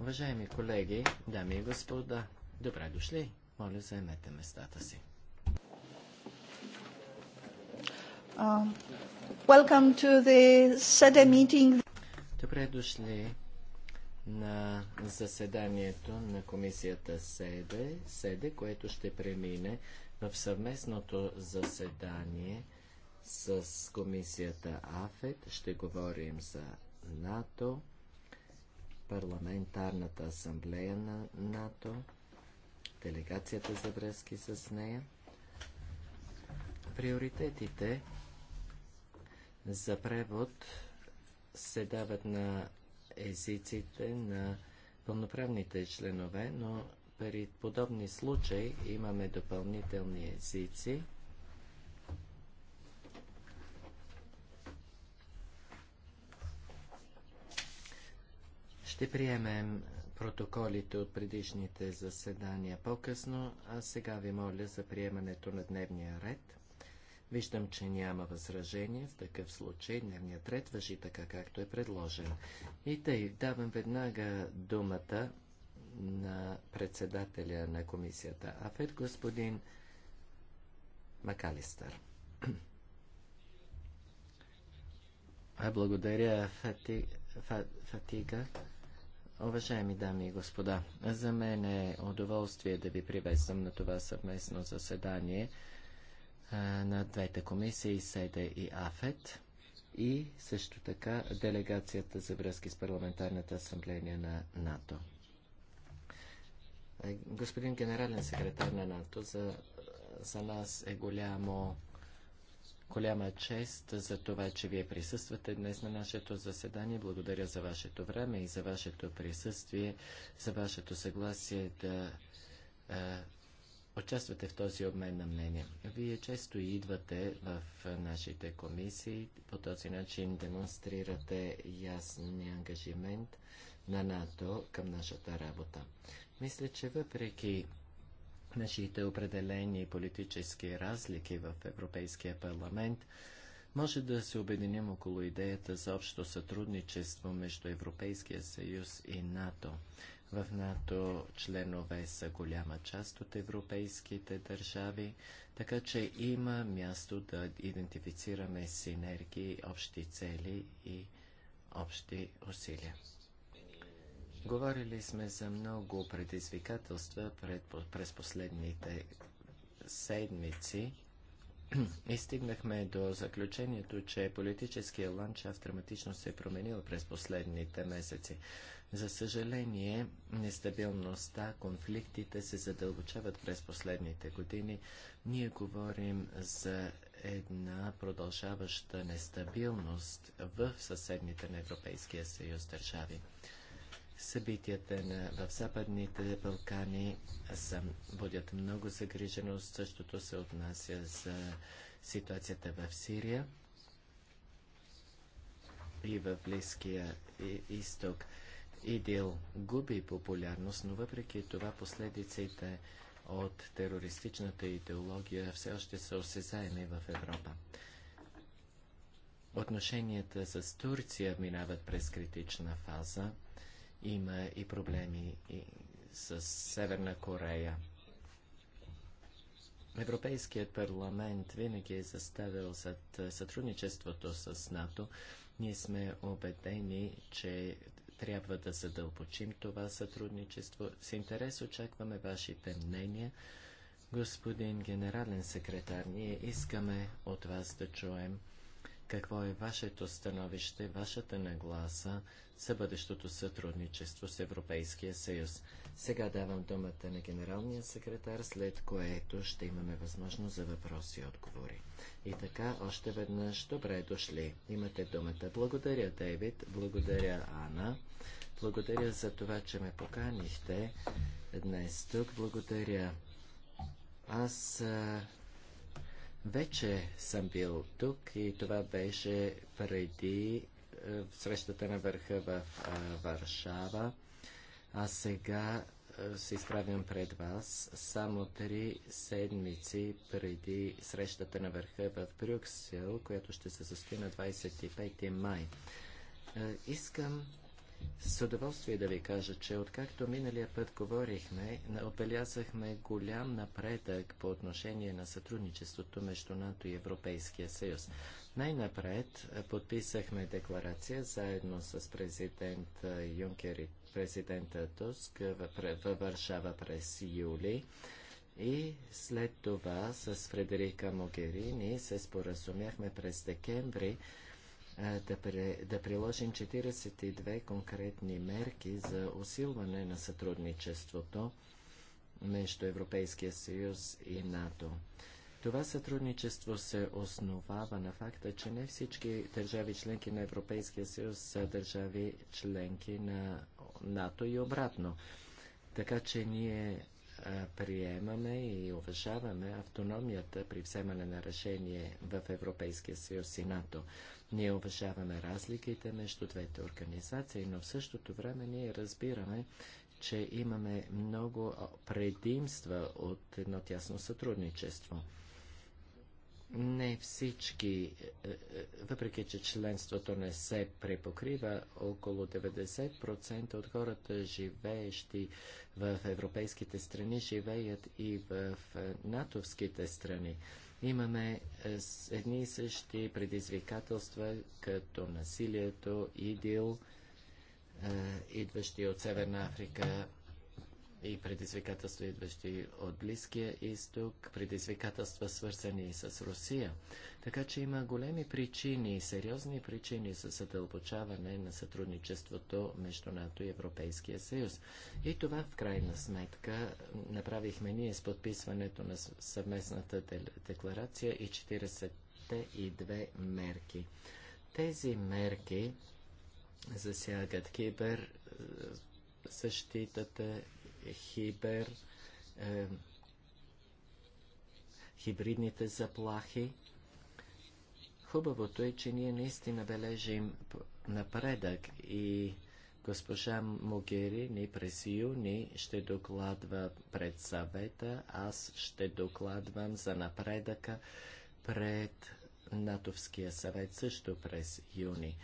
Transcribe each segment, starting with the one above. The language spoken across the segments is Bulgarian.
Уважаеми колеги, дами и господа, добре дошли. Моля, заемете местата си. Um, добре дошли на заседанието на комисията СЕДЕ, СЕДЕ, което ще премине в съвместното заседание с комисията АФЕД. Ще говорим за НАТО, парламентарната асамблея на НАТО, делегацията за връзки с нея. Приоритетите за превод се дават на езиците на пълноправните членове, но при подобни случаи имаме допълнителни езици, Ще приемем протоколите от предишните заседания по-късно, а сега ви моля за приемането на дневния ред. Виждам, че няма възражение. В такъв случай дневният ред въжи така, както е предложен. И тъй, давам веднага думата на председателя на комисията АФЕД, господин Макалистър. Благодаря, Фати... Фатига. Уважаеми дами и господа, за мен е удоволствие да ви приветствам на това съвместно заседание на двете комисии СЕДЕ и АФЕТ и също така делегацията за връзки с парламентарната асамблея на НАТО. Господин генерален секретар на НАТО, за, за нас е голямо голяма чест за това, че вие присъствате днес на нашето заседание. Благодаря за вашето време и за вашето присъствие, за вашето съгласие да а, участвате в този обмен на мнение. Вие често идвате в нашите комисии, по този начин демонстрирате ясния ангажимент на НАТО към нашата работа. Мисля, че въпреки нашите определени политически разлики в Европейския парламент, може да се обединим около идеята за общо сътрудничество между Европейския съюз и НАТО. В НАТО членове са голяма част от европейските държави, така че има място да идентифицираме синергии, общи цели и общи усилия. Говорили сме за много предизвикателства пред, през последните седмици и стигнахме до заключението, че политическия ландшафт драматично се е променил през последните месеци. За съжаление, нестабилността, конфликтите се задълбочават през последните години. Ние говорим за една продължаваща нестабилност в съседните на Европейския съюз държави. Събитията на, в Западните Балкани са, будят много загриженост. Същото се отнася за ситуацията в Сирия и в Близкия изток. Идил губи популярност, но въпреки това последиците от терористичната идеология все още са осезаеми в Европа. Отношенията с Турция минават през критична фаза – има и проблеми и с Северна Корея. Европейският парламент винаги е заставил зад е, сътрудничеството с НАТО. Ние сме убедени, че трябва да задълбочим това сътрудничество. С интерес очакваме вашите мнения. Господин генерален секретар, ние искаме от вас да чуем какво е вашето становище, вашата нагласа за бъдещото сътрудничество с Европейския съюз. Сега давам думата на генералния секретар, след което ще имаме възможност за въпроси и отговори. И така, още веднъж, добре дошли. Имате думата. Благодаря, Дейвид. Благодаря, Ана. Благодаря за това, че ме поканихте днес тук. Благодаря. Аз вече съм бил тук и това беше преди е, срещата на върха в е, Варшава. А сега е, се изправям пред вас само три седмици преди срещата на върха в Брюксел, която ще се състои на 25 май. Искам с удоволствие да ви кажа, че откакто миналия път говорихме, отбелязахме голям напредък по отношение на сътрудничеството между НАТО и Европейския съюз. Най-напред подписахме декларация заедно с президент Юнкер и президента Туск във Варшава през юли. И след това с Фредерика Могерини се споразумяхме през декември да, при, да приложим 42 конкретни мерки за усилване на сътрудничеството между Европейския съюз и НАТО. Това сътрудничество се основава на факта, че не всички държави членки на Европейския съюз са държави членки на НАТО и обратно. Така че ние приемаме и уважаваме автономията при вземане на решение в Европейския съюз и НАТО. Ние уважаваме разликите между двете организации, но в същото време ние разбираме, че имаме много предимства от едно тясно сътрудничество. Не всички, е, е, въпреки че членството не се препокрива, около 90% от хората, живеещи в европейските страни, живеят и в е, натовските страни имаме е, едни и същи предизвикателства, като насилието, идил, е, идващи от Северна Африка, и предизвикателства, идващи от Близкия изток, предизвикателства, свързани с Русия. Така че има големи причини, сериозни причини за задълбочаване на сътрудничеството между НАТО и Европейския съюз. И това в крайна сметка направихме ние с подписването на съвместната декларация и 42 мерки. Тези мерки засягат кибер, е, защитата хибер, е, хибридните заплахи. Хубавото е, че ние наистина бележим напредък и госпожа ни през юни ще докладва пред съвета, аз ще докладвам за напредъка пред НАТОвския съвет също през юни.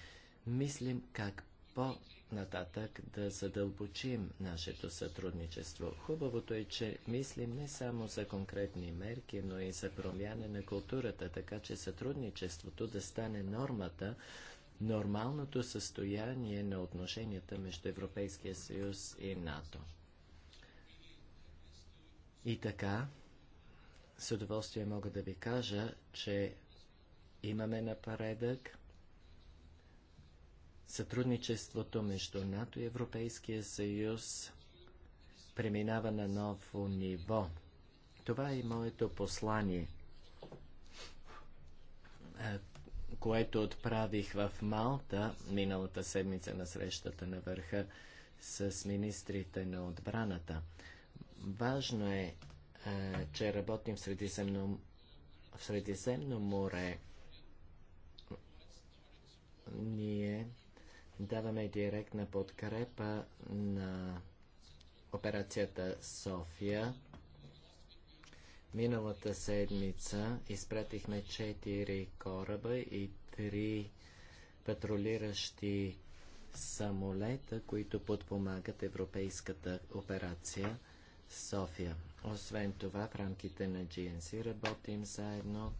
Мислим как по нататък да задълбочим нашето сътрудничество. Хубавото е, че мислим не само за конкретни мерки, но и за промяна на културата, така че сътрудничеството да стане нормата, нормалното състояние на отношенията между Европейския съюз и НАТО. И така, с удоволствие мога да ви кажа, че имаме напредък – Сътрудничеството между НАТО и Европейския съюз преминава на ново ниво. Това е и моето послание, което отправих в Малта миналата седмица на срещата на върха с министрите на отбраната. Важно е, че работим в Средиземно, в Средиземно море. Ние даваме директна подкрепа на операцията София. Миналата седмица изпратихме 4 кораба и 3 патрулиращи самолета, които подпомагат европейската операция София. Освен това, в рамките на GNC работим заедно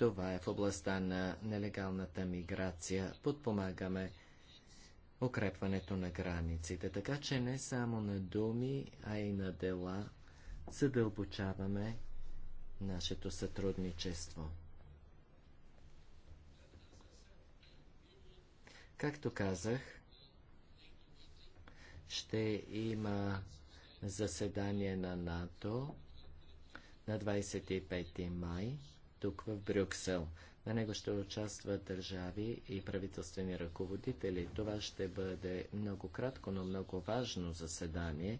Това е в областта на нелегалната миграция. Подпомагаме укрепването на границите, така че не само на думи, а и на дела задълбочаваме нашето сътрудничество. Както казах, ще има заседание на НАТО на 25 май тук в Брюксел. На него ще участват държави и правителствени ръководители. Това ще бъде много кратко, но много важно заседание,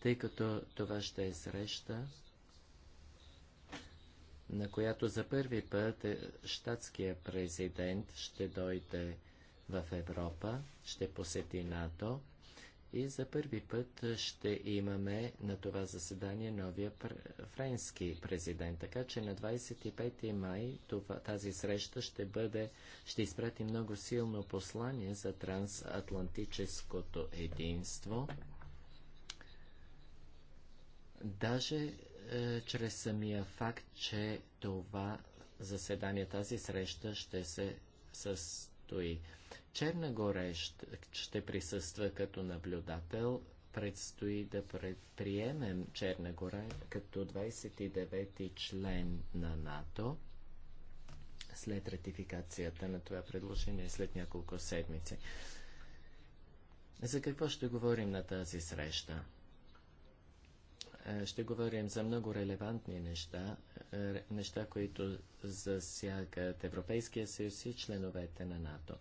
тъй като това ще е среща, на която за първи път е, щатския президент ще дойде в Европа, ще посети НАТО и за първи път ще имаме на това заседание новия пр- френски президент. Така че на 25 май това, тази среща ще бъде, ще изпрати много силно послание за трансатлантическото единство. Даже е, чрез самия факт, че това заседание, тази среща ще се състои както и Черна горе ще присъства като наблюдател. Предстои да приемем Черна гора като 29-ти член на НАТО след ратификацията на това предложение след няколко седмици. За какво ще говорим на тази среща? Е, ще говорим за много релевантни неща, е, неща, които засягат Европейския съюз и членовете на НАТО.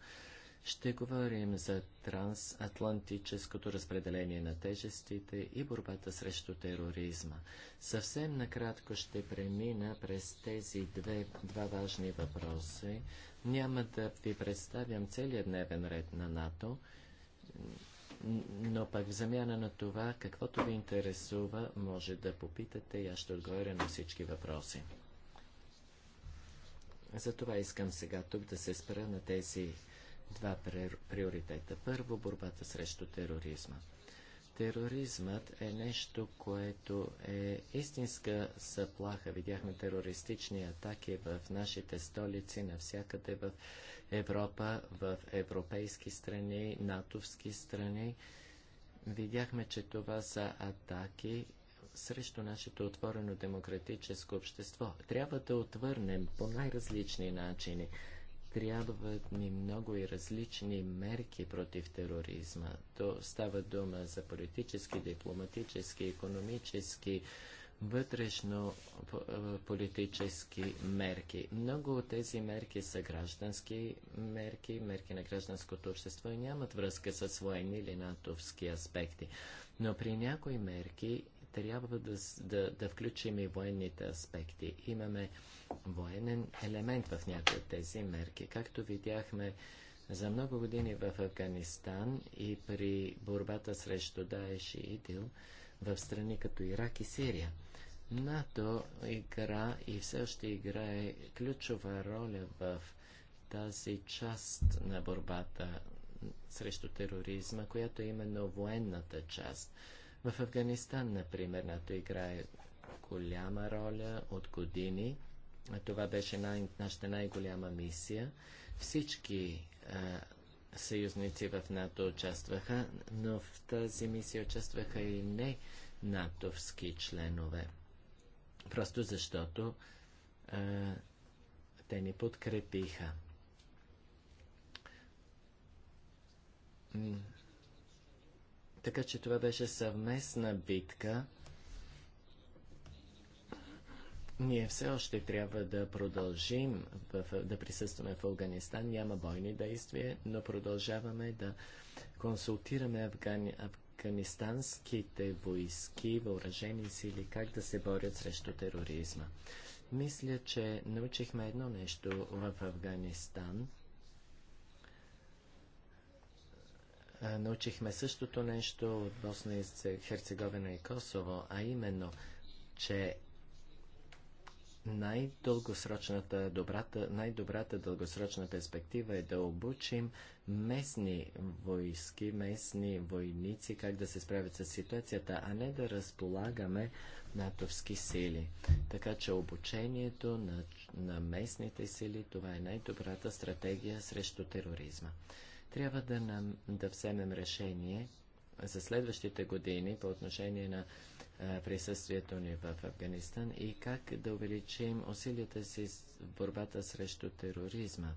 Ще говорим за трансатлантическото разпределение на тежестите и борбата срещу тероризма. Съвсем накратко ще премина през тези две, два важни въпроси. Няма да ви представям целият дневен ред на НАТО но пък в замяна на това, каквото ви интересува, може да попитате и аз ще отговоря на всички въпроси. Затова искам сега тук да се спра на тези два приоритета. Първо, борбата срещу тероризма. Тероризмът е нещо, което е истинска заплаха. Видяхме терористични атаки в нашите столици, навсякъде в Европа в европейски страни, натовски страни. Видяхме, че това са атаки срещу нашето отворено демократическо общество. Трябва да отвърнем по най-различни начини. Трябват ни много и различни мерки против тероризма. То става дума за политически, дипломатически, економически, вътрешно политически мерки. Много от тези мерки са граждански мерки, мерки на гражданското общество и нямат връзка с военни или натовски аспекти. Но при някои мерки трябва да, да, да включим и военните аспекти. Имаме военен елемент в някои от тези мерки. Както видяхме за много години в Афганистан и при борбата срещу Даеш и Идил в страни като Ирак и Сирия. НАТО игра и все още играе ключова роля в тази част на борбата срещу тероризма, която е именно военната част. В Афганистан, например, НАТО играе голяма роля от години. Това беше най- нашата най-голяма мисия. Всички а, съюзници в НАТО участваха, но в тази мисия участваха и не натовски членове просто защото а, те ни подкрепиха. Така че това беше съвместна битка. Ние все още трябва да продължим в, да присъстваме в Афганистан. Няма бойни действия, но продължаваме да консултираме афгани, аф, афганистанските войски, въоръжени сили, как да се борят срещу тероризма. Мисля, че научихме едно нещо в Афганистан. Научихме същото нещо от Босна и Херцеговина и Косово, а именно, че най-дългосрочната, добрата, най-добрата дългосрочна перспектива е да обучим местни войски, местни войници как да се справят с ситуацията, а не да разполагаме натовски сили. Така че обучението на, на местните сили, това е най-добрата стратегия срещу тероризма. Трябва да, нам, да вземем решение за следващите години по отношение на присъствието ни в Афганистан и как да увеличим усилията си в борбата срещу тероризма.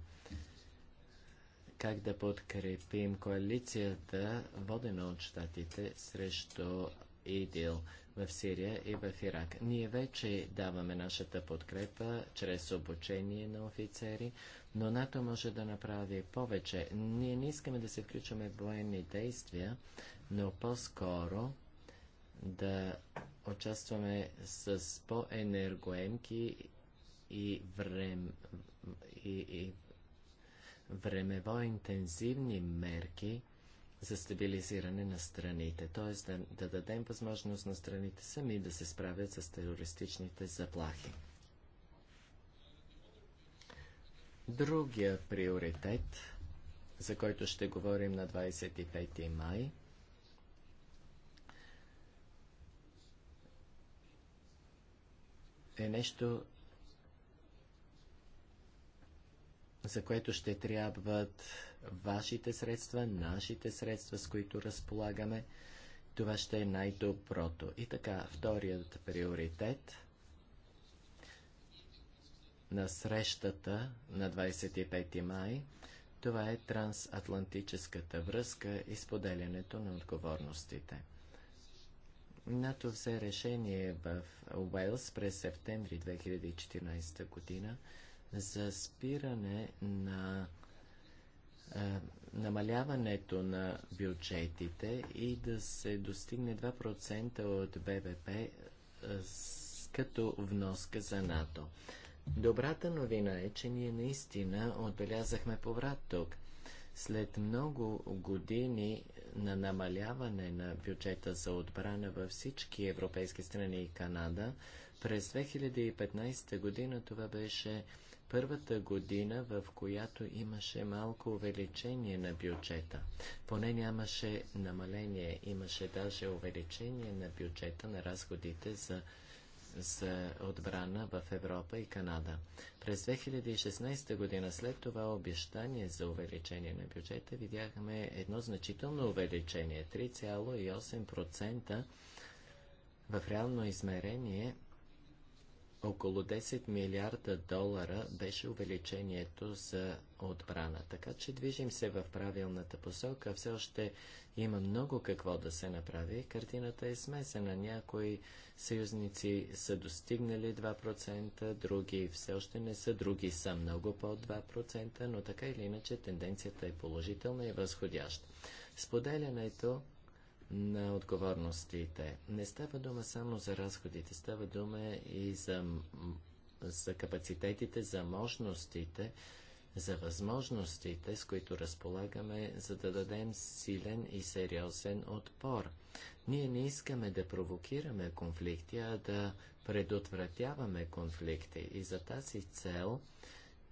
Как да подкрепим коалицията, водена от щатите, срещу ИДИЛ в Сирия и в Ирак. Ние вече даваме нашата подкрепа чрез обучение на офицери, но НАТО може да направи повече. Ние не искаме да се включваме в военни действия, но по-скоро да участваме с по-енергоемки и, врем... и, и времево интензивни мерки за стабилизиране на страните, т.е. Да, да дадем възможност на страните сами да се справят с терористичните заплахи. Другия приоритет, за който ще говорим на 25 май, е нещо, за което ще трябват вашите средства, нашите средства, с които разполагаме. Това ще е най-доброто. И така, вторият приоритет – на срещата на 25 май. Това е трансатлантическата връзка и споделянето на отговорностите. НАТО взе решение в Уелс през септември 2014 година за спиране на е, намаляването на бюджетите и да се достигне 2% от БВП е, с, като вноска за НАТО. Добрата новина е, че ние наистина отбелязахме поврат тук. След много години на намаляване на бюджета за отбрана във всички европейски страни и Канада, през 2015 година това беше първата година, в която имаше малко увеличение на бюджета. Поне нямаше намаление, имаше даже увеличение на бюджета на разходите за за отбрана в Европа и Канада. През 2016 година след това обещание за увеличение на бюджета видяхме едно значително увеличение 3,8% в реално измерение – около 10 милиарда долара беше увеличението за отбрана. Така че движим се в правилната посока. Все още има много какво да се направи. Картината е смесена. Някои съюзници са достигнали 2%, други все още не са, други са много под 2%, но така или иначе тенденцията е положителна и възходяща. Споделянето на отговорностите. Не става дума само за разходите, става дума и за, за капацитетите, за мощностите, за възможностите, с които разполагаме, за да дадем силен и сериозен отпор. Ние не искаме да провокираме конфликти, а да предотвратяваме конфликти. И за тази цел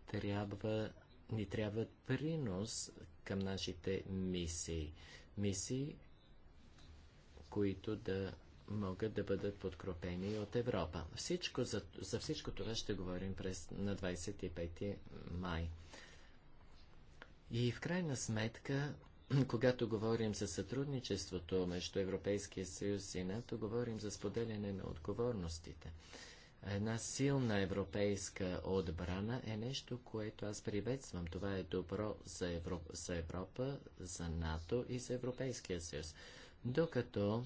трябва, ни трябва принос към нашите мисии. Мисии, които да могат да бъдат подкрепени от Европа. Всичко за, за всичко това ще говорим през, на 25 май. И в крайна сметка, когато говорим за сътрудничеството между Европейския съюз и НАТО, говорим за споделяне на отговорностите. Една силна европейска отбрана е нещо, което аз приветствам. Това е добро за, за Европа, за НАТО и за Европейския съюз докато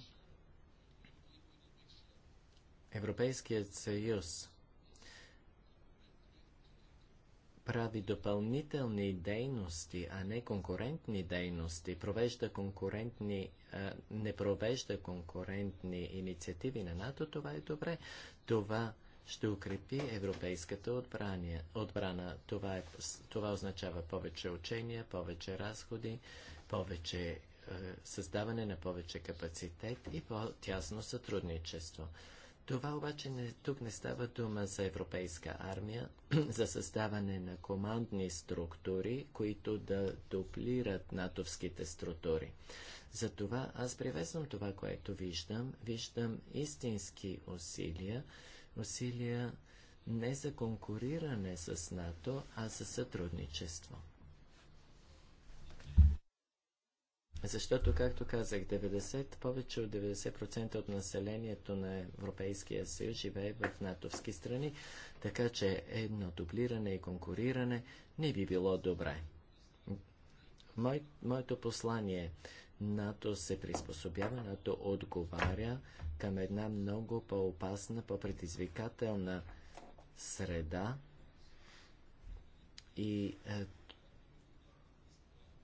Европейският съюз прави допълнителни дейности, а не конкурентни дейности, провежда конкурентни, а, не провежда конкурентни инициативи на НАТО, това е добре. Това ще укрепи европейската отбрания. отбрана. Това, е, това означава повече учения, повече разходи, повече е, създаване на повече капацитет и по-тясно сътрудничество. Това обаче не, тук не става дума за европейска армия, за създаване на командни структури, които да дуплират натовските структури. Затова аз привезвам това, което виждам. Виждам истински усилия, усилия не за конкуриране с НАТО, а за сътрудничество. Защото, както казах, 90, повече от 90% от населението на Европейския съюз живее в натовски страни, така че едно дублиране и конкуриране не би било добре. Мой, моето послание е, НАТО се приспособява, НАТО отговаря към една много по-опасна, по-предизвикателна среда и е,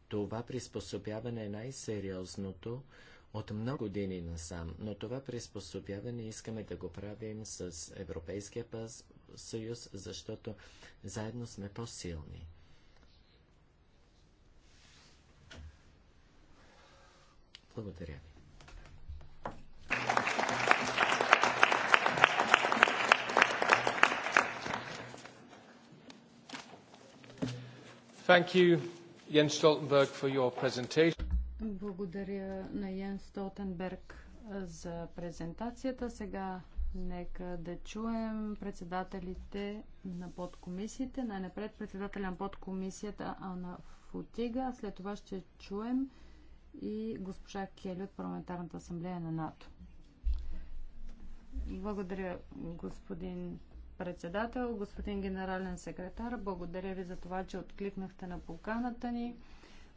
това приспособяване е най-сериозното от много години насам, но това приспособяване искаме да го правим с Европейския пас, съюз, защото заедно сме по-силни. Благодаря ви. Thank you. Jens Stoltenberg for your presentation. Благодаря на Йен Столтенберг за презентацията. Сега нека да чуем председателите на подкомисиите. Най-напред председателя на подкомисията Ана Футига. След това ще чуем и госпожа Кели от Парламентарната асамблея на НАТО. Благодаря, господин председател, господин генерален секретар, благодаря ви за това, че откликнахте на поканата ни.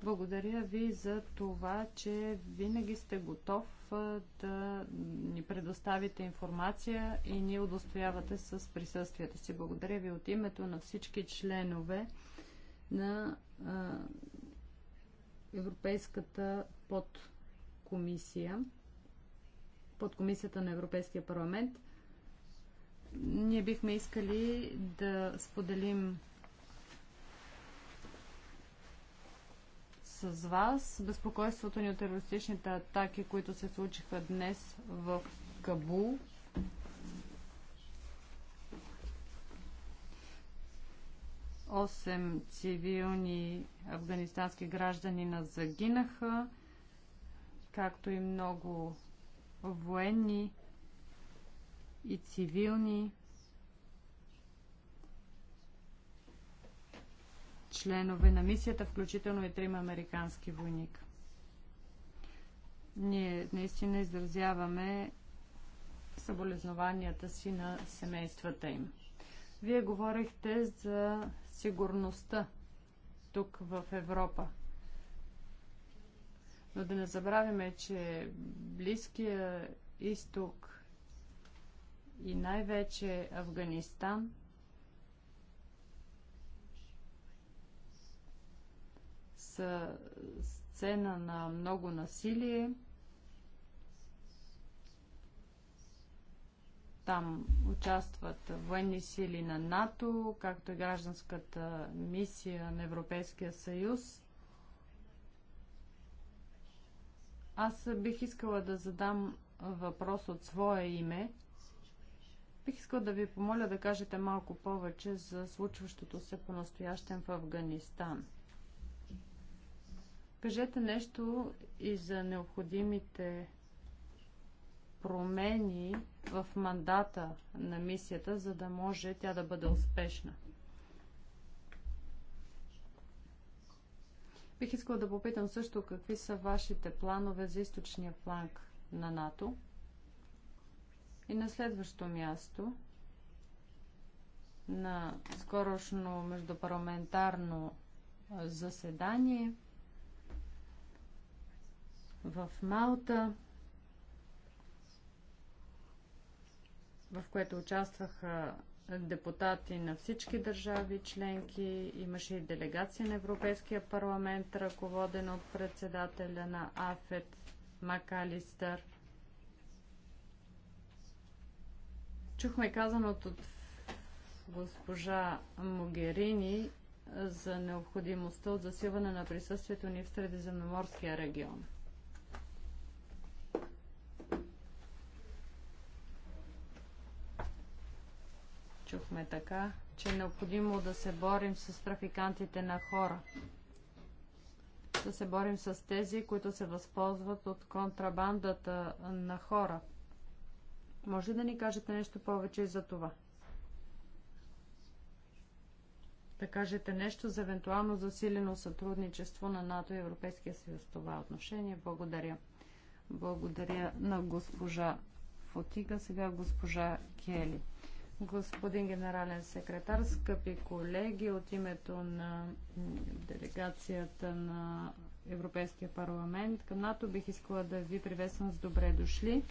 Благодаря ви за това, че винаги сте готов да ни предоставите информация и ни удостоявате с присъствието си. Благодаря ви от името на всички членове на Европейската подкомисия, подкомисията на Европейския парламент – ние бихме искали да споделим с вас безпокойството ни от терористичните атаки, които се случиха днес в Кабул. Осем цивилни афганистански граждани нас загинаха, както и много военни и цивилни членове на мисията, включително и трима американски войник. Ние наистина изразяваме съболезнованията си на семействата им. Вие говорихте за сигурността тук в Европа. Но да не забравяме, че Близкия изток и най-вече Афганистан са сцена на много насилие. Там участват военни сили на НАТО, както и гражданската мисия на Европейския съюз. Аз бих искала да задам въпрос от свое име – Бих искал да ви помоля да кажете малко повече за случващото се по-настоящен в Афганистан. Кажете нещо и за необходимите промени в мандата на мисията, за да може тя да бъде успешна. Бих искала да попитам също какви са вашите планове за източния фланг на НАТО. И на следващо място на скорошно междупарламентарно заседание в Малта, в което участваха депутати на всички държави членки. Имаше и делегация на Европейския парламент, ръководена от председателя на АФЕТ Макалистър. Чухме казаното от госпожа Могерини за необходимостта от засилване на присъствието ни в Средиземноморския регион. Чухме така, че е необходимо да се борим с трафикантите на хора. Да се борим с тези, които се възползват от контрабандата на хора – може ли да ни кажете нещо повече за това? Да кажете нещо за евентуално засилено сътрудничество на НАТО и Европейския съюз в това отношение. Благодаря. Благодаря на госпожа Фотига, сега госпожа Кели. Господин генерален секретар, скъпи колеги, от името на делегацията на Европейския парламент към НАТО бих искала да ви приветствам с добре дошли.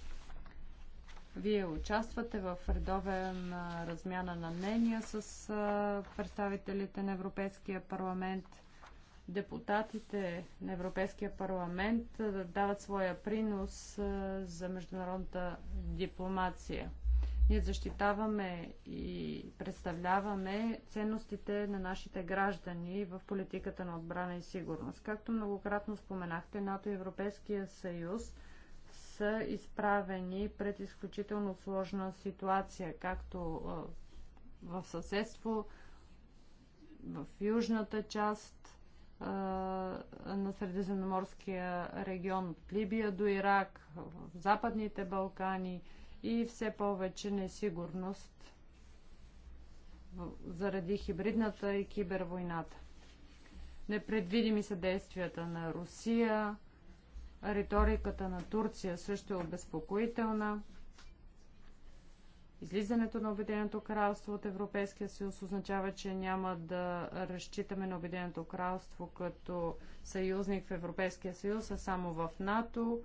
Вие участвате в редовен размяна на мнения с представителите на Европейския парламент. Депутатите на Европейския парламент дават своя принос за международната дипломация. Ние защитаваме и представляваме ценностите на нашите граждани в политиката на отбрана и сигурност. Както многократно споменахте, НАТО и Европейския съюз – са изправени пред изключително сложна ситуация, както в съседство, в южната част на Средиземноморския регион от Либия до Ирак, в Западните Балкани и все повече несигурност заради хибридната и кибервойната. Непредвидими са действията на Русия, Риториката на Турция също е обезпокоителна. Излизането на Обединеното кралство от Европейския съюз означава, че няма да разчитаме на Обединеното кралство като съюзник в Европейския съюз, а само в НАТО.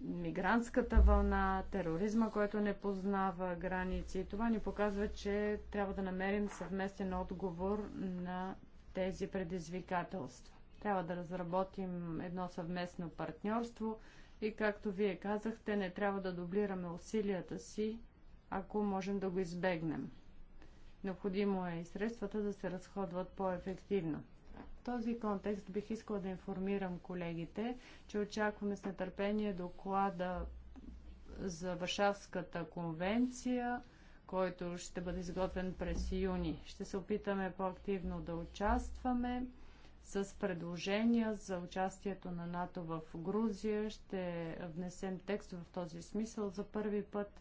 Мигрантската вълна, тероризма, който не познава граници. Това ни показва, че трябва да намерим съвместен отговор на тези предизвикателства. Трябва да разработим едно съвместно партньорство и, както вие казахте, не трябва да дублираме усилията си, ако можем да го избегнем. Необходимо е и средствата да се разходват по-ефективно. В този контекст бих искала да информирам колегите, че очакваме с нетърпение доклада за Варшавската конвенция, който ще бъде изготвен през юни. Ще се опитаме по-активно да участваме с предложения за участието на НАТО в Грузия. Ще внесем текст в този смисъл за първи път.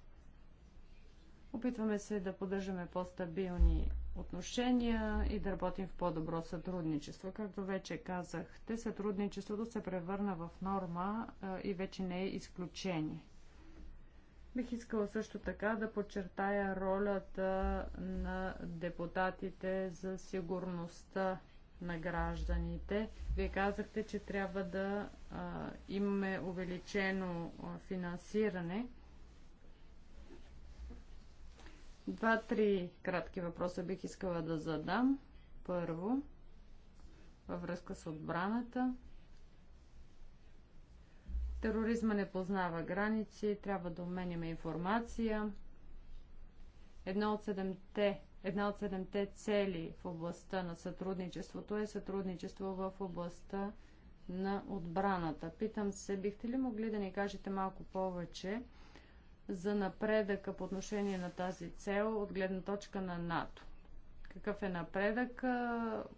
Опитваме се да поддържаме по-стабилни отношения и да работим в по-добро сътрудничество. Както вече казах, те сътрудничеството се превърна в норма и вече не е изключение. Бих искала също така да подчертая ролята на депутатите за сигурността на гражданите. Вие казахте, че трябва да а, имаме увеличено а, финансиране. Два-три кратки въпроса бих искала да задам. Първо, във връзка с отбраната. Тероризма не познава граници, трябва да обменяме информация. Едно от седемте Една от седемте цели в областта на сътрудничеството е сътрудничество в областта на отбраната. Питам се, бихте ли могли да ни кажете малко повече за напредъка по отношение на тази цел от гледна точка на НАТО? Какъв е напредък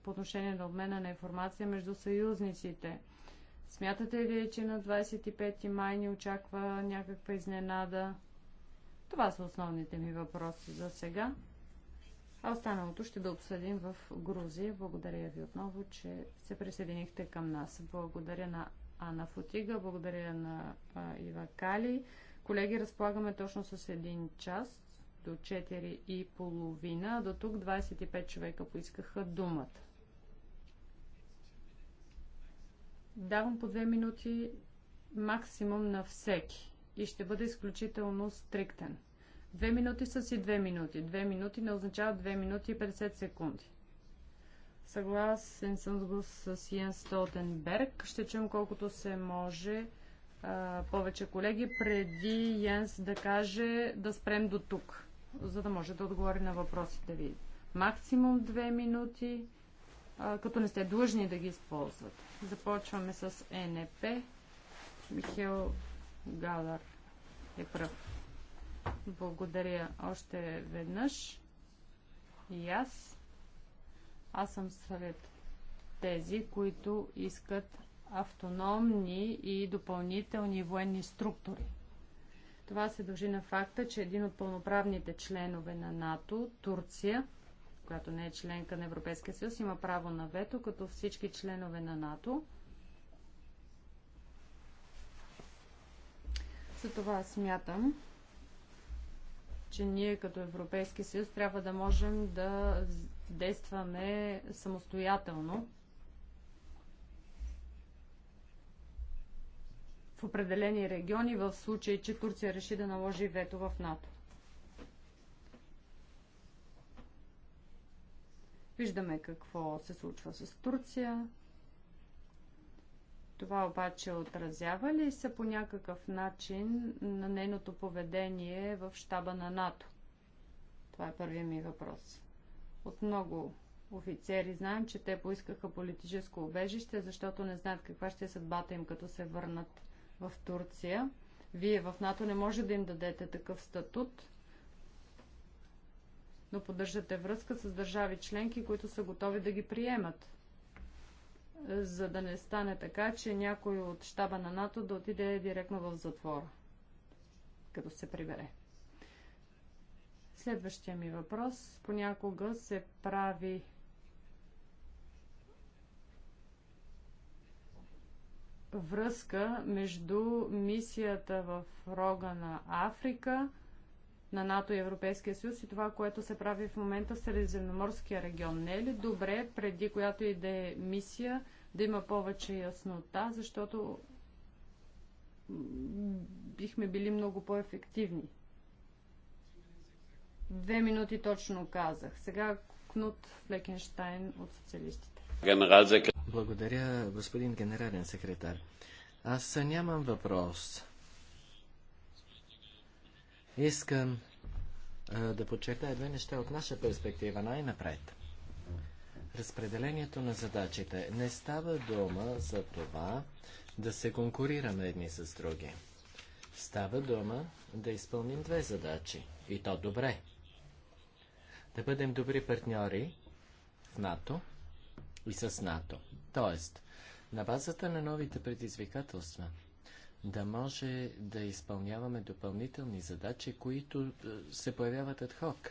по отношение на обмена на информация между съюзниците? Смятате ли, че на 25 май ни очаква някаква изненада? Това са основните ми въпроси за сега. А останалото ще да обсъдим в Грузия. Благодаря ви отново, че се присъединихте към нас. Благодаря на Ана Футига, благодаря на а, Ива Кали. Колеги, разполагаме точно с един час до 4 и половина. До тук 25 човека поискаха думата. Давам по две минути максимум на всеки и ще бъда изключително стриктен. Две минути са си две минути. Две минути не означава две минути и 50 секунди. Съгласен съм с го с Столтенберг. Ще чуем колкото се може а, повече колеги, преди Янс да каже да спрем до тук, за да може да отговори на въпросите ви. Максимум две минути, а, като не сте длъжни да ги използвате. Започваме с НП Михел Галар е пръв. Благодаря още веднъж и аз. Аз съм сред тези, които искат автономни и допълнителни военни структури. Това се дължи на факта, че един от пълноправните членове на НАТО, Турция, която не е членка на Европейския съюз, има право на вето, като всички членове на НАТО. За това смятам, че ние като Европейски съюз трябва да можем да действаме самостоятелно в определени региони, в случай, че Турция реши да наложи вето в НАТО. Виждаме какво се случва с Турция. Това обаче отразява ли се по някакъв начин на нейното поведение в щаба на НАТО? Това е първият ми въпрос. От много офицери знаем, че те поискаха политическо убежище, защото не знаят каква ще е съдбата им, като се върнат в Турция. Вие в НАТО не може да им дадете такъв статут, но поддържате връзка с държави членки, които са готови да ги приемат за да не стане така, че някой от щаба на НАТО да отиде директно в затвора, като се прибере. Следващия ми въпрос. Понякога се прави връзка между мисията в рога на Африка – на НАТО и Европейския съюз и това, което се прави в момента в Средиземноморския регион. Не е ли добре, преди която и да е мисия, да има повече яснота, защото бихме били много по-ефективни? Две минути точно казах. Сега Кнут Флекенштайн от социалистите. Благодаря, господин генерален секретар. Аз нямам въпрос. Искам а, да подчертая две неща от наша перспектива най-напред. Разпределението на задачите не става дума за това да се конкурираме едни с други. Става дума да изпълним две задачи. И то добре. Да бъдем добри партньори в НАТО и с НАТО. Тоест, на базата на новите предизвикателства – да може да изпълняваме допълнителни задачи, които е, се появяват ad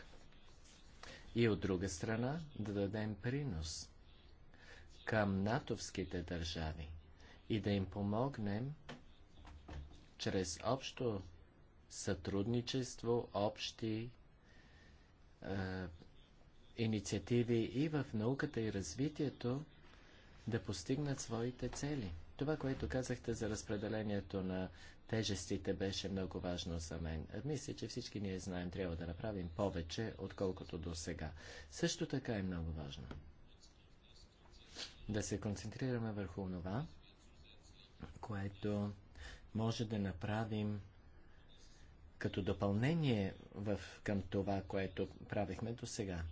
И от друга страна да дадем принос към натовските държави и да им помогнем чрез общо сътрудничество, общи е, инициативи и в науката и развитието да постигнат своите цели – това, което казахте за разпределението на тежестите, беше много важно за мен. Мисля, че всички ние знаем, трябва да направим повече, отколкото до сега. Също така е много важно да се концентрираме върху това, което може да направим като допълнение в, към това, което правихме до сега.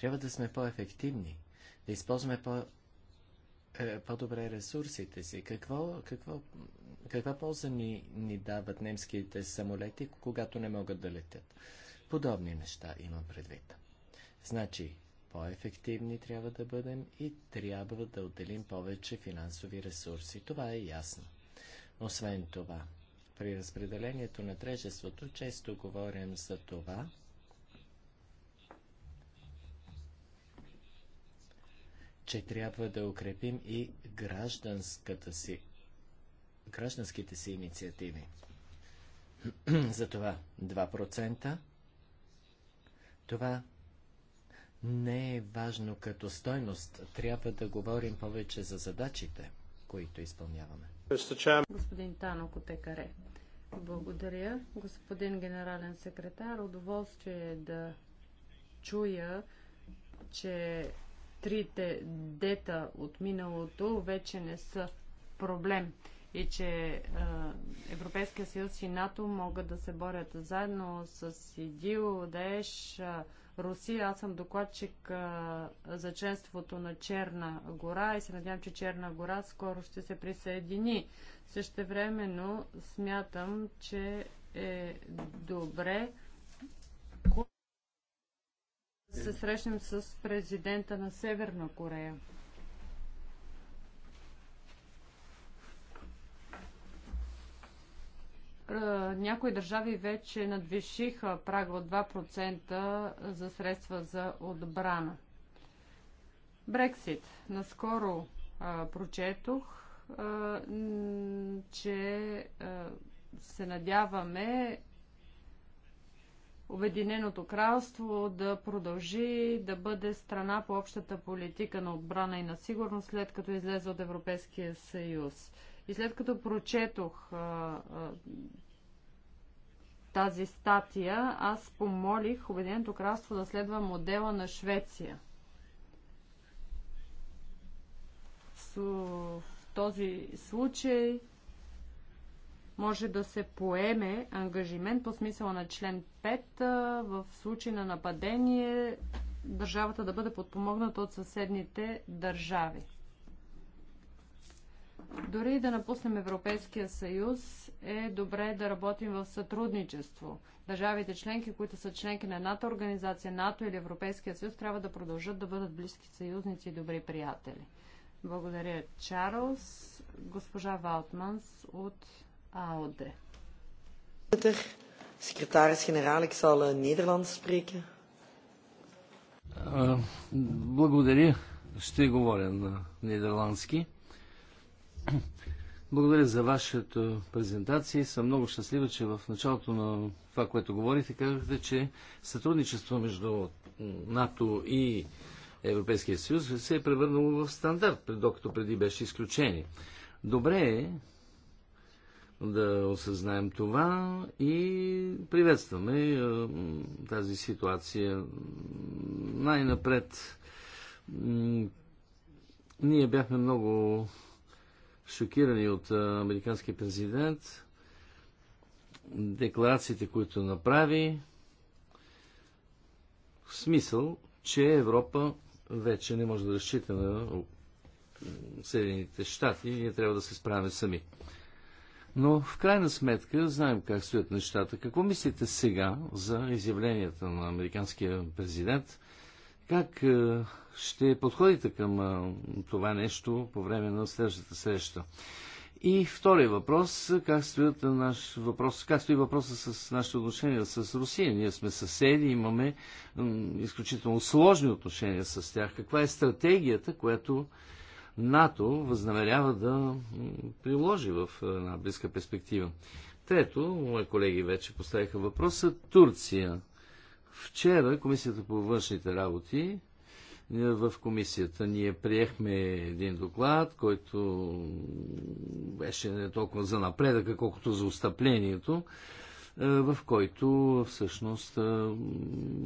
Трябва да сме по-ефективни, да използваме по- е, по-добре ресурсите си. Какво, какво, каква полза ни, ни дават немските самолети, когато не могат да летят? Подобни неща имам предвид. Значи, по-ефективни трябва да бъдем и трябва да отделим повече финансови ресурси. Това е ясно. Освен това, при разпределението на трежеството често говорим за това, че трябва да укрепим и гражданската си, гражданските си инициативи. Затова 2% това не е важно като стойност. Трябва да говорим повече за задачите, които изпълняваме. Господин Тано Котекаре, благодаря. Господин генерален секретар, удоволствие е да чуя, че трите дета от миналото вече не са проблем и че е, Европейския съюз и НАТО могат да се борят заедно с ИДИЛ, ДАЕШ, е, Русия. Аз съм докладчик е, за членството на Черна гора и се надявам, че Черна гора скоро ще се присъедини. времено смятам, че е добре се срещнем с президента на Северна Корея. Е, някои държави вече надвишиха прага от 2% за средства за отбрана. Брексит. Наскоро а, е, прочетох, а, е, че а, се надяваме Обединеното кралство да продължи да бъде страна по общата политика на отбрана и на сигурност, след като излезе от Европейския съюз. И след като прочетох а, а, тази статия, аз помолих Обединеното кралство да следва модела на Швеция. В този случай може да се поеме ангажимент по смисъла на член 5 в случай на нападение държавата да бъде подпомогната от съседните държави. Дори да напуснем Европейския съюз, е добре да работим в сътрудничество. Държавите членки, които са членки на едната организация, НАТО или Европейския съюз, трябва да продължат да бъдат близки съюзници и добри приятели. Благодаря, Чарлз. Госпожа Валтманс от Voorzitter, secretaris-generaal, ik zal eh, Nederlands spreken. Ehm, благодаря. Ще говоря на нидерландски. Благодаря за вашата презентация. Съм много щастлива, че в началото на това, което говорите, казахте, че сътрудничество между НАТО и Европейския съюз се е превърнало в стандарт, докато преди беше изключение. Добре е да осъзнаем това и приветстваме е, тази ситуация. Най-напред ние бяхме много шокирани от е, американския президент, декларациите, които направи, в смисъл, че Европа вече не може да разчита на Съединените щати и ние трябва да се справим сами. Но в крайна сметка знаем как стоят нещата. Какво мислите сега за изявленията на американския президент? Как е, ще подходите към е, това нещо по време на следващата среща? И втори въпрос, как, стоят наш въпрос, как стои въпроса с нашите отношения с Русия? Ние сме съседи, имаме изключително сложни отношения с тях. Каква е стратегията, която НАТО възнамерява да приложи в една близка перспектива. Трето, мои колеги вече поставиха въпроса, Турция. Вчера Комисията по външните работи е, в комисията ние приехме един доклад, който беше не толкова за напредъка, колкото за устъплението, е, в който всъщност е,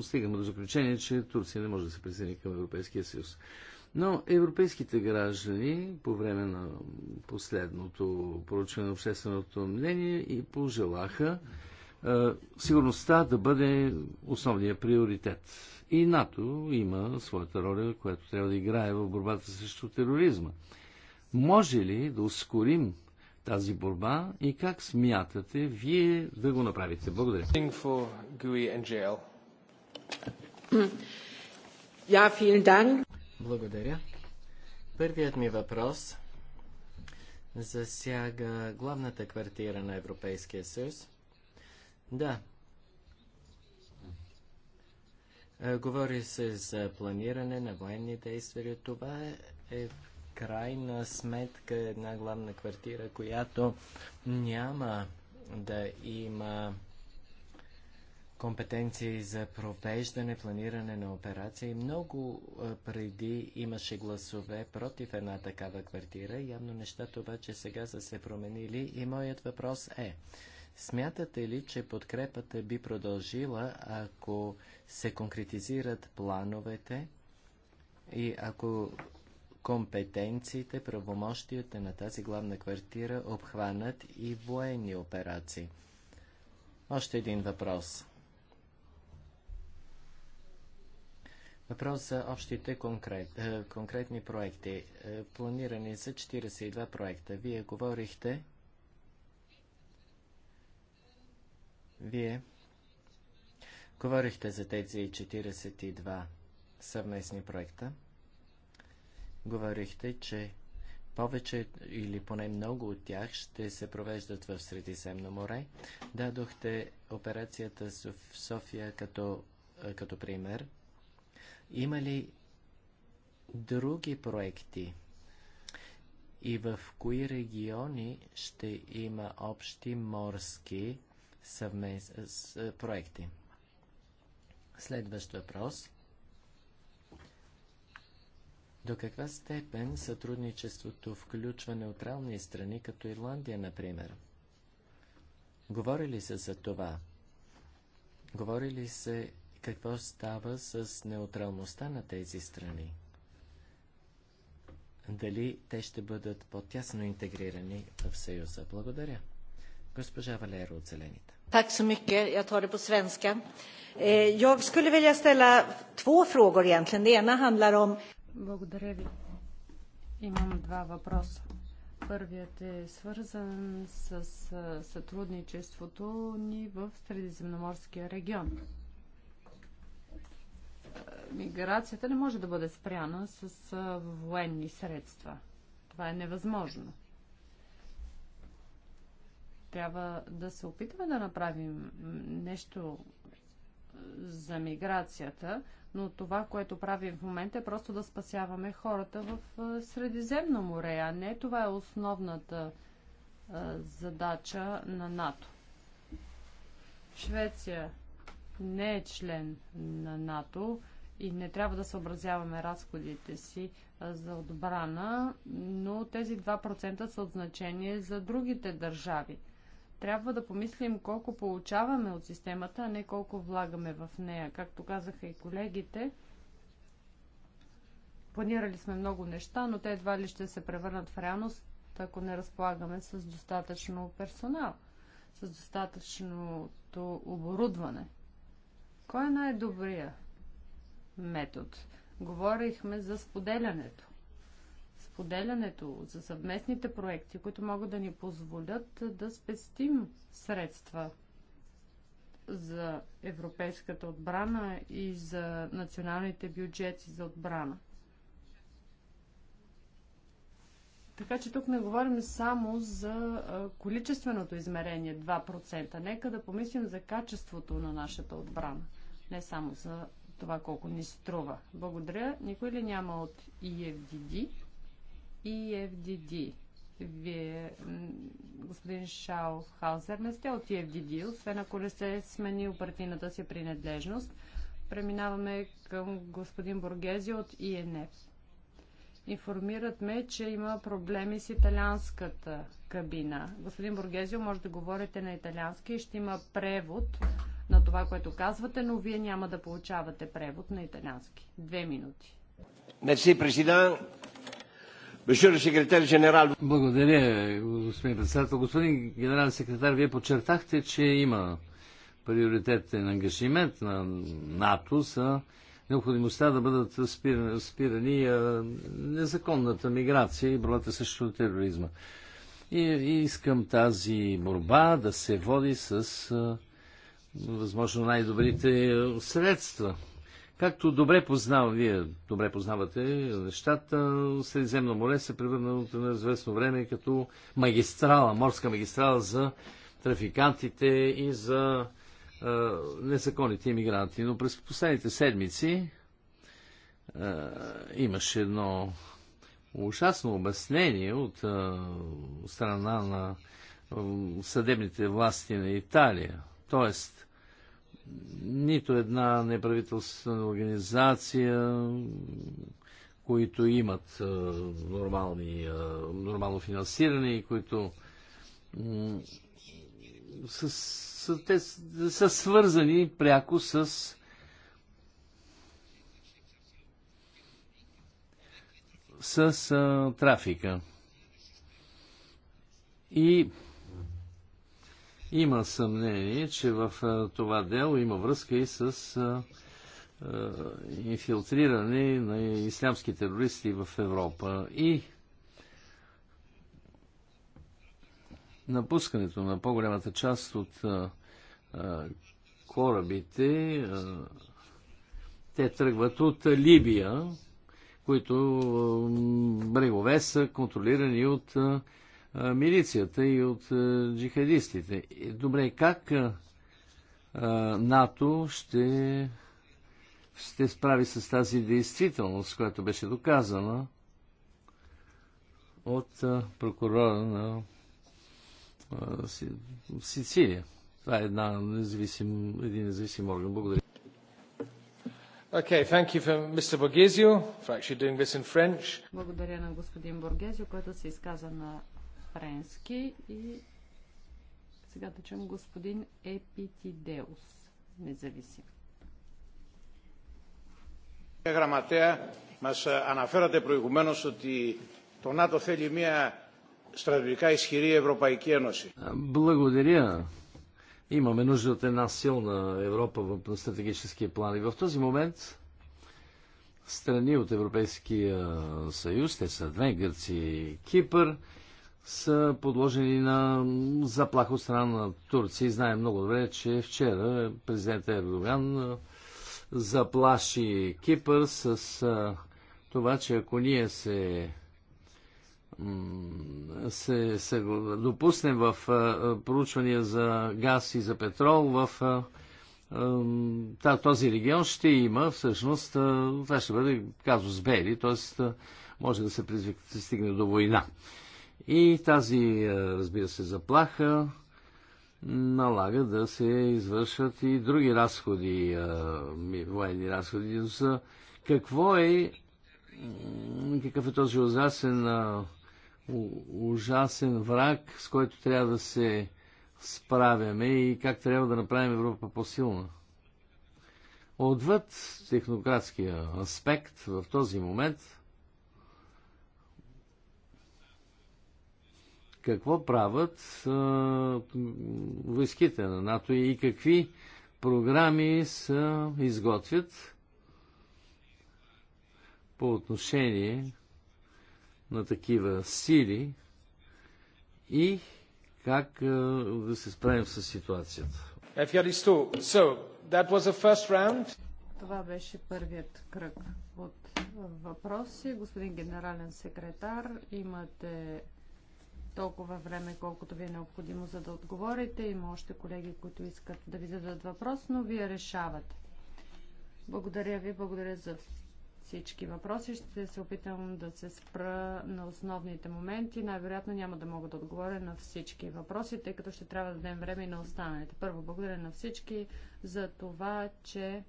стигаме до заключение, че Турция не може да се присъедини към Европейския съюз. Но европейските граждани по време на последното проучване на общественото мнение и пожелаха е, сигурността да бъде основния приоритет. И НАТО има своята роля, която трябва да играе в борбата срещу тероризма. Може ли да ускорим тази борба и как смятате вие да го направите? Благодаря. Ja, vielen Dank. Благодаря. Първият ми въпрос засяга главната квартира на Европейския съюз. Да. Е, говори се за планиране на военни действия. Това е, е крайна сметка една главна квартира, която няма да има компетенции за провеждане, планиране на операции. Много преди имаше гласове против една такава квартира. Явно нещата обаче сега са се променили и моят въпрос е. Смятате ли, че подкрепата би продължила, ако се конкретизират плановете и ако компетенциите, правомощията на тази главна квартира обхванат и военни операции? Още един въпрос – Въпрос за общите конкрет, е, конкретни проекти. Е, планирани са 42 проекта. Вие говорихте. Вие говорихте за тези 42 съвместни проекта. Говорихте, че повече или поне много от тях ще се провеждат в Средиземно море. Дадохте операцията в София като, е, като пример. Има ли други проекти и в кои региони ще има общи морски с... Е, проекти? Следващ въпрос. До каква степен сътрудничеството включва неутрални страни, като Ирландия, например? Говорили се за това? Говорили се какво става с неутралността на тези страни? Дали те ще бъдат по-тясно интегрирани в Съюза? Благодаря. Госпожа Валера от Зелените. Так så mycket. Я тори по свенска. svenska. Eh, jag skulle vilja ställa två frågor egentligen. Det ena handlar om... Благодаря ви. Имам два въпроса. Първият е свързан с сътрудничеството ни в Средиземноморския регион миграцията не може да бъде спряна с военни средства. Това е невъзможно. Трябва да се опитаме да направим нещо за миграцията, но това, което правим в момента е просто да спасяваме хората в Средиземно море, а не това е основната задача на НАТО. Швеция не е член на НАТО и не трябва да съобразяваме разходите си за отбрана, но тези 2% са от значение за другите държави. Трябва да помислим колко получаваме от системата, а не колко влагаме в нея. Както казаха и колегите, планирали сме много неща, но те едва ли ще се превърнат в реалност, ако не разполагаме с достатъчно персонал, с достатъчното оборудване. Кой е най-добрия? метод. Говорихме за споделянето. Споделянето за съвместните проекти, които могат да ни позволят да спестим средства за европейската отбрана и за националните бюджети за отбрана. Така че тук не говорим само за количественото измерение 2%. Нека да помислим за качеството на нашата отбрана, не само за това колко ни струва. Благодаря. Никой ли няма от EFDD? EFDD. Е е Вие, господин Шао Хаузер, не сте от EFDD, е освен ако не сте сменил партийната си принадлежност. Преминаваме към господин Боргези от ИНФ. Информират ме, че има проблеми с италианската кабина. Господин Боргезио, може да говорите на италиански и ще има превод на това, което казвате, но вие няма да получавате превод на италянски. Две минути. Мерси, президент. Благодаря, господин председател. Господин генерален секретар, вие подчертахте, че има приоритетен ангажимент на НАТО за необходимостта да бъдат спирани, спирани незаконната миграция и борбата срещу тероризма. И, и искам тази борба да се води с възможно най-добрите е, средства. Както добре познава, вие добре познавате нещата, Средиземно море се превърна от едно известно време като магистрала, морска магистрала за трафикантите и за а, е, незаконните иммигранти. Но през последните седмици а, е, имаше едно ужасно обяснение от а, страна на съдебните власти на Италия – Тоест, нито една неправителствена организация, които имат е, нормални, е, нормално финансиране и които са, са, са свързани пряко с с а, трафика. И има съмнение, че в това дело има връзка и с инфилтриране на ислямски терористи в Европа и напускането на по-голямата част от корабите, те тръгват от Либия, които брегове са контролирани от милицията и от джихадистите. Добре, как НАТО ще се справи с тази действителност, която беше доказана от прокурора на Сицилия. Това е една независим, един независим орган. Благодаря. Okay, thank you for Mr. for actually doing this in French. Благодаря на господин Боргезио, който се изказа на френски и сега да чуем господин Епитидеус, независим. Γραμματέα, μας αναφέρατε προηγουμένως ότι το ΝΑΤΟ θέλει μια στρατηγικά ισχυρή Европейки Еноси. Благодаря. Имаме нужда от една силна Европа в стратегическия план. И в този момент страни от Европейския съюз, те са две, Гърция и Кипър, са подложени на заплаха от страна на Турция. И знаем много добре, че вчера президент Ердоган заплаши Кипър с това, че ако ние се се, се допуснем в а, проучвания за газ и за петрол в а, а, този регион ще има всъщност, това ще бъде казус Бери, т.е. може да се, призвик, да се стигне до война. И тази, е, разбира се, заплаха налага да се извършват и други разходи, е, военни разходи. Но за какво е, какъв е този ужасен, е, ужасен враг, с който трябва да се справяме и как трябва да направим Европа по-силна? Отвъд технократския аспект в този момент – Какво правят войските на НАТО и какви програми са изготвят по отношение на такива сили и как да се справим с ситуацията. Това беше първият кръг от въпроси. Господин генерален секретар, имате толкова време, колкото ви е необходимо, за да отговорите. Има още колеги, които искат да ви зададат въпрос, но вие решавате. Благодаря ви, благодаря за всички въпроси. Ще се опитам да се спра на основните моменти. Най-вероятно няма да мога да отговоря на всички въпроси, тъй като ще трябва да дадем време и на останалите. Първо, благодаря на всички за това, че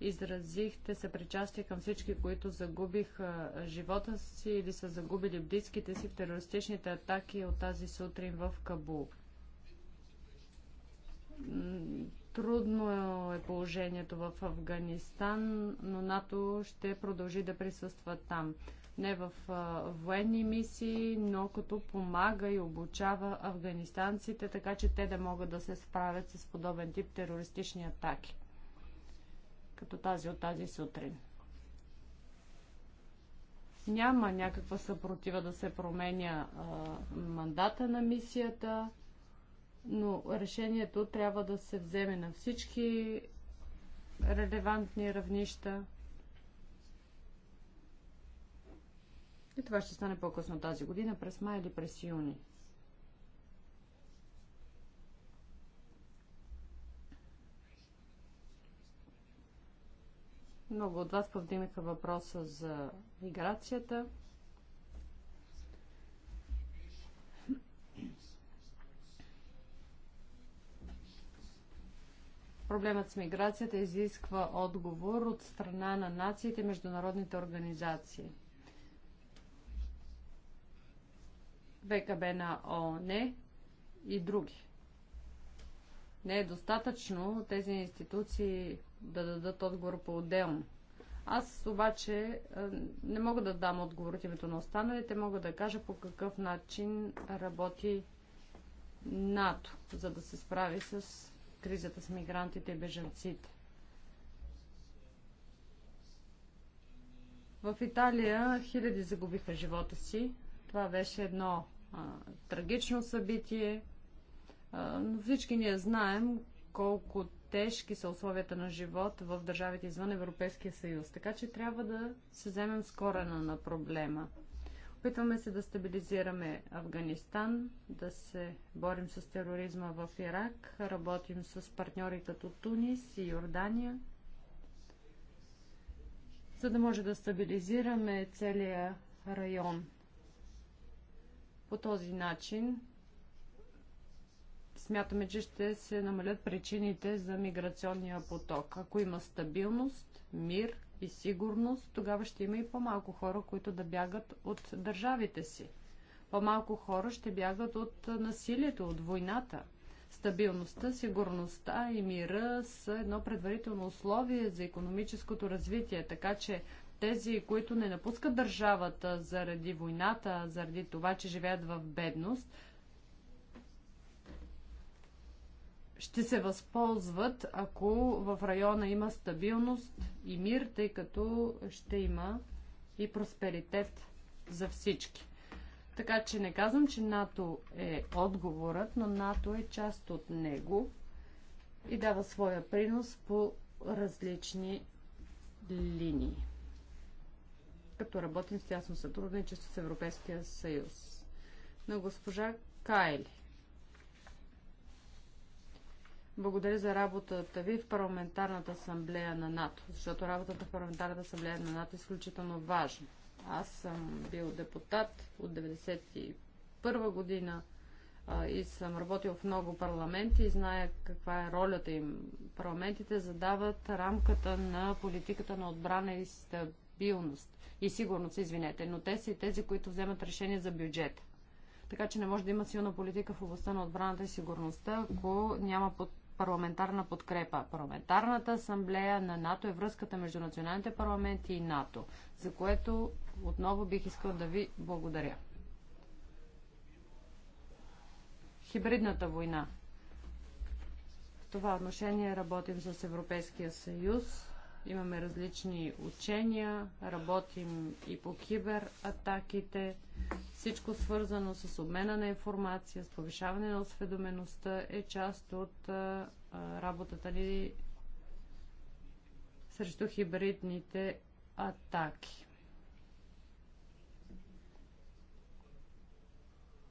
изразихте съпричастие към всички, които загубиха живота си или са загубили близките си в терористичните атаки от тази сутрин в Кабул. Трудно е, е положението в Афганистан, но НАТО ще продължи да присъства там. Не в военни мисии, но като помага и обучава афганистанците, така че те да могат да се справят с подобен тип терористични атаки като тази от тази сутрин. Няма някаква съпротива да се променя а, мандата на мисията, но решението трябва да се вземе на всички релевантни равнища. И това ще стане по-късно тази година, през май или през юни. Много от вас повдигнаха въпроса за миграцията. Проблемът с миграцията изисква отговор от страна на нациите и международните организации. ВКБ на ООН и други. Не е достатъчно тези институции да дадат отговор по-отделно. Аз обаче не мога да дам отговор от името на останалите, мога да кажа по какъв начин работи НАТО, за да се справи с кризата с мигрантите и бежанците. В Италия хиляди загубиха живота си. Това беше едно а, трагично събитие. А, но всички ние знаем колко тежки са условията на живот в държавите извън Европейския съюз. Така че трябва да се вземем с корена на проблема. Опитваме се да стабилизираме Афганистан, да се борим с тероризма в Ирак, работим с партньори като Тунис и Йордания, за да може да стабилизираме целия район. По този начин смятаме, че ще се намалят причините за миграционния поток. Ако има стабилност, мир и сигурност, тогава ще има и по-малко хора, които да бягат от държавите си. По-малко хора ще бягат от насилието, от войната. Стабилността, сигурността и мира са едно предварително условие за економическото развитие, така че тези, които не напускат държавата заради войната, заради това, че живеят в бедност, ще се възползват, ако в района има стабилност и мир, тъй като ще има и просперитет за всички. Така че не казвам, че НАТО е отговорът, но НАТО е част от него и дава своя принос по различни линии. Като работим с тясно сътрудничество с Европейския съюз. На госпожа Кайли благодаря за работата ви в парламентарната асамблея на НАТО, защото работата в парламентарната асамблея на НАТО е изключително важна. Аз съм бил депутат от 1991 година а, и съм работил в много парламенти и зная каква е ролята им. Парламентите задават рамката на политиката на отбрана и стабилност и сигурност, извинете, но те са и тези, които вземат решение за бюджета. Така че не може да има силна политика в областта на отбраната и сигурността, ако няма под парламентарна подкрепа. Парламентарната асамблея на НАТО е връзката между националните парламенти и НАТО, за което отново бих искал да ви благодаря. Хибридната война. В това отношение работим с Европейския съюз Имаме различни учения, работим и по кибератаките. Всичко свързано с обмена на информация, с повишаване на осведомеността е част от а, работата ни срещу хибридните атаки.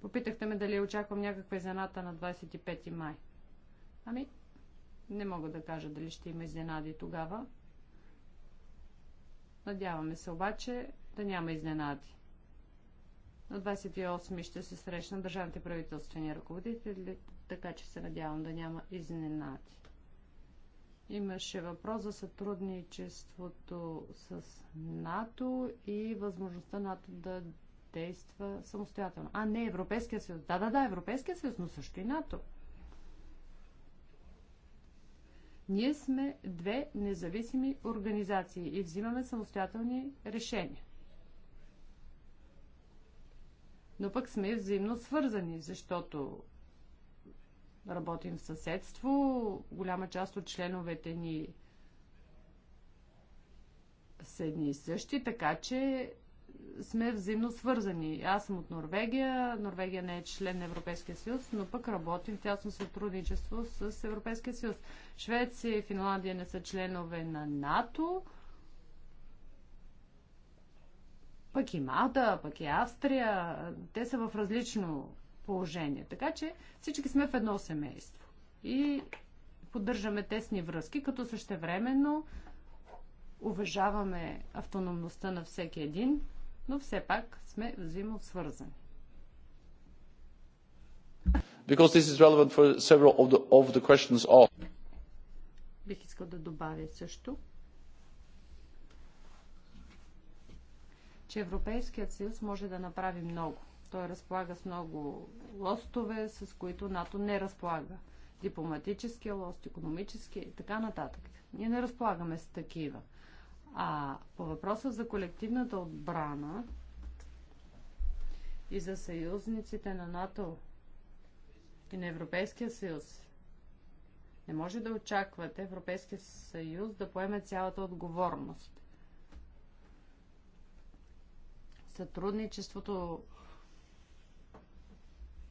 Попитахте ме дали очаквам някаква изненада на 25 май. Ами, не мога да кажа дали ще има изненади тогава. Надяваме се обаче да няма изненади. На 28 ще се срещна държавните правителствени ръководители, така че се надявам да няма изненади. Имаше въпрос за сътрудничеството с НАТО и възможността НАТО да действа самостоятелно. А, не, Европейския съюз. Да, да, да, Европейския съюз, но също и НАТО. Ние сме две независими организации и взимаме самостоятелни решения. Но пък сме взаимно свързани, защото работим в съседство, голяма част от членовете ни са едни и същи, така че сме взаимно свързани. Аз съм от Норвегия, Норвегия не е член на Европейския съюз, но пък работим в тясно сътрудничество с Европейския съюз. Швеция и Финландия не са членове на НАТО, пък и Малта, пък и Австрия. Те са в различно положение. Така че всички сме в едно семейство. И поддържаме тесни връзки, като същевременно уважаваме автономността на всеки един но все пак сме взаимосвързани. Because this is relevant for several of the, of the questions Бих искал да добавя също, че Европейският съюз може да направи много. Той разполага с много лостове, с които НАТО не разполага. Дипломатическия лост, економически и така нататък. Ние не разполагаме с такива. А по въпроса за колективната отбрана и за съюзниците на НАТО и на Европейския съюз, не може да очаквате Европейския съюз да поеме цялата отговорност. Сътрудничеството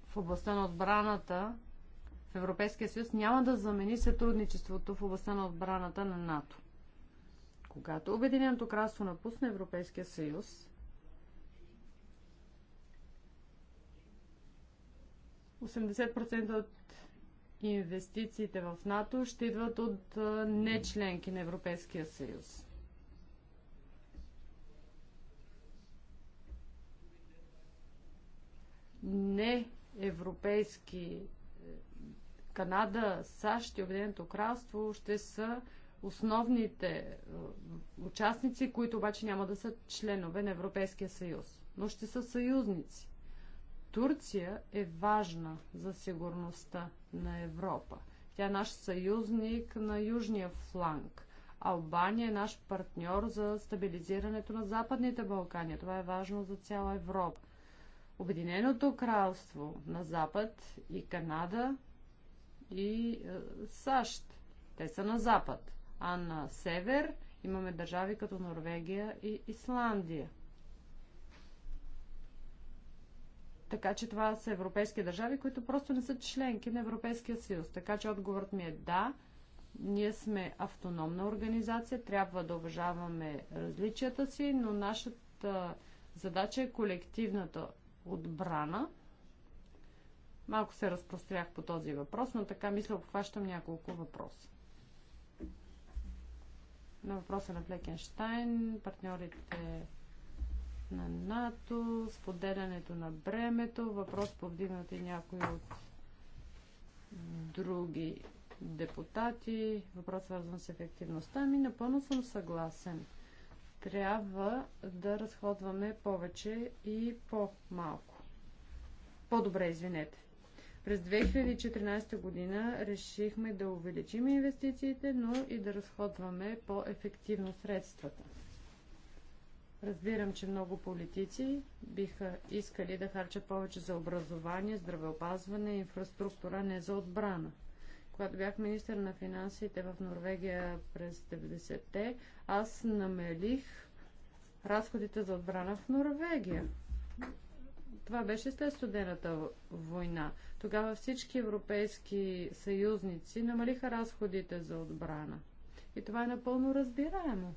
в областта на отбраната в Европейския съюз няма да замени сътрудничеството в областта на отбраната на НАТО. Когато Обединеното кралство напусне Европейския съюз, 80% от инвестициите в НАТО ще идват от не членки на Европейския съюз. Не европейски е, Канада, САЩ и Обединеното кралство ще са основните е, участници, които обаче няма да са членове на Европейския съюз, но ще са съюзници. Турция е важна за сигурността на Европа. Тя е наш съюзник на южния фланг. Албания е наш партньор за стабилизирането на Западните Балкани. Това е важно за цяла Европа. Обединеното кралство на Запад и Канада и е, САЩ. Те са на Запад а на север имаме държави като Норвегия и Исландия. Така че това са европейски държави, които просто не са членки на Европейския съюз. Така че отговорът ми е да. Ние сме автономна организация, трябва да уважаваме различията си, но нашата задача е колективната отбрана. Малко се разпрострях по този въпрос, но така мисля обхващам няколко въпроса на въпроса на Флекенштайн, партньорите на НАТО, споделянето на бремето, въпрос повдигнат и някои от други депутати, въпрос свързан с ефективността. Ми напълно съм съгласен. Трябва да разходваме повече и по-малко. По-добре, извинете. През 2014 година решихме да увеличим инвестициите, но и да разходваме по-ефективно средствата. Разбирам, че много политици биха искали да харчат повече за образование, здравеопазване, инфраструктура, не за отбрана. Когато бях министър на финансите в Норвегия през 90-те, аз намелих разходите за отбрана в Норвегия. Това беше след студената война. Тогава всички европейски съюзници намалиха разходите за отбрана. И това е напълно разбираемо.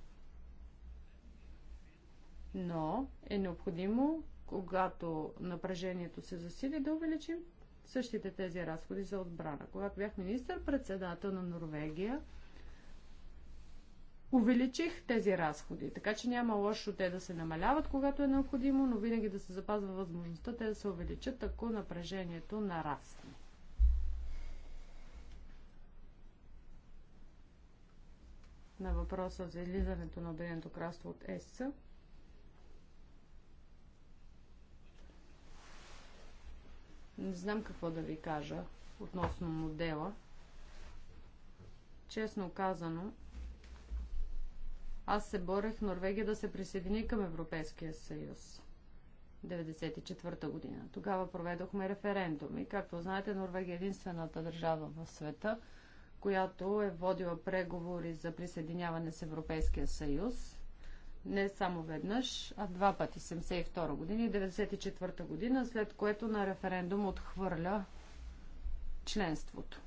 Но е необходимо, когато напрежението се засили, да увеличим същите тези разходи за отбрана. Когато бях министър-председател на Норвегия, увеличих тези разходи. Така че няма лошо те да се намаляват, когато е необходимо, но винаги да се запазва възможността те да се увеличат, ако напрежението нарасне. На въпроса за излизането на Обединеното кралство от ЕС. Не знам какво да ви кажа относно модела. Честно казано, аз се борех Норвегия да се присъедини към Европейския съюз. 1994 година. Тогава проведохме референдум и както знаете, Норвегия е единствената държава в света, която е водила преговори за присъединяване с Европейския съюз. Не само веднъж, а два пъти, 72 година и 1994- година, след което на референдум отхвърля членството.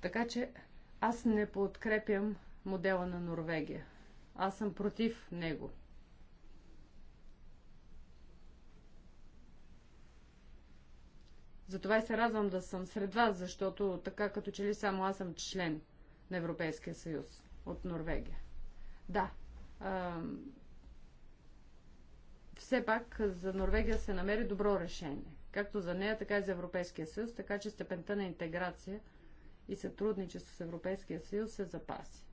Така че аз не подкрепям модела на Норвегия. Аз съм против него. Затова и се радвам да съм сред вас, защото така като че ли само аз съм член на Европейския съюз от Норвегия. Да. А, все пак за Норвегия се намери добро решение. Както за нея, така и за Европейския съюз, така че степента на интеграция и сътрудничество с Европейския съюз се запаси.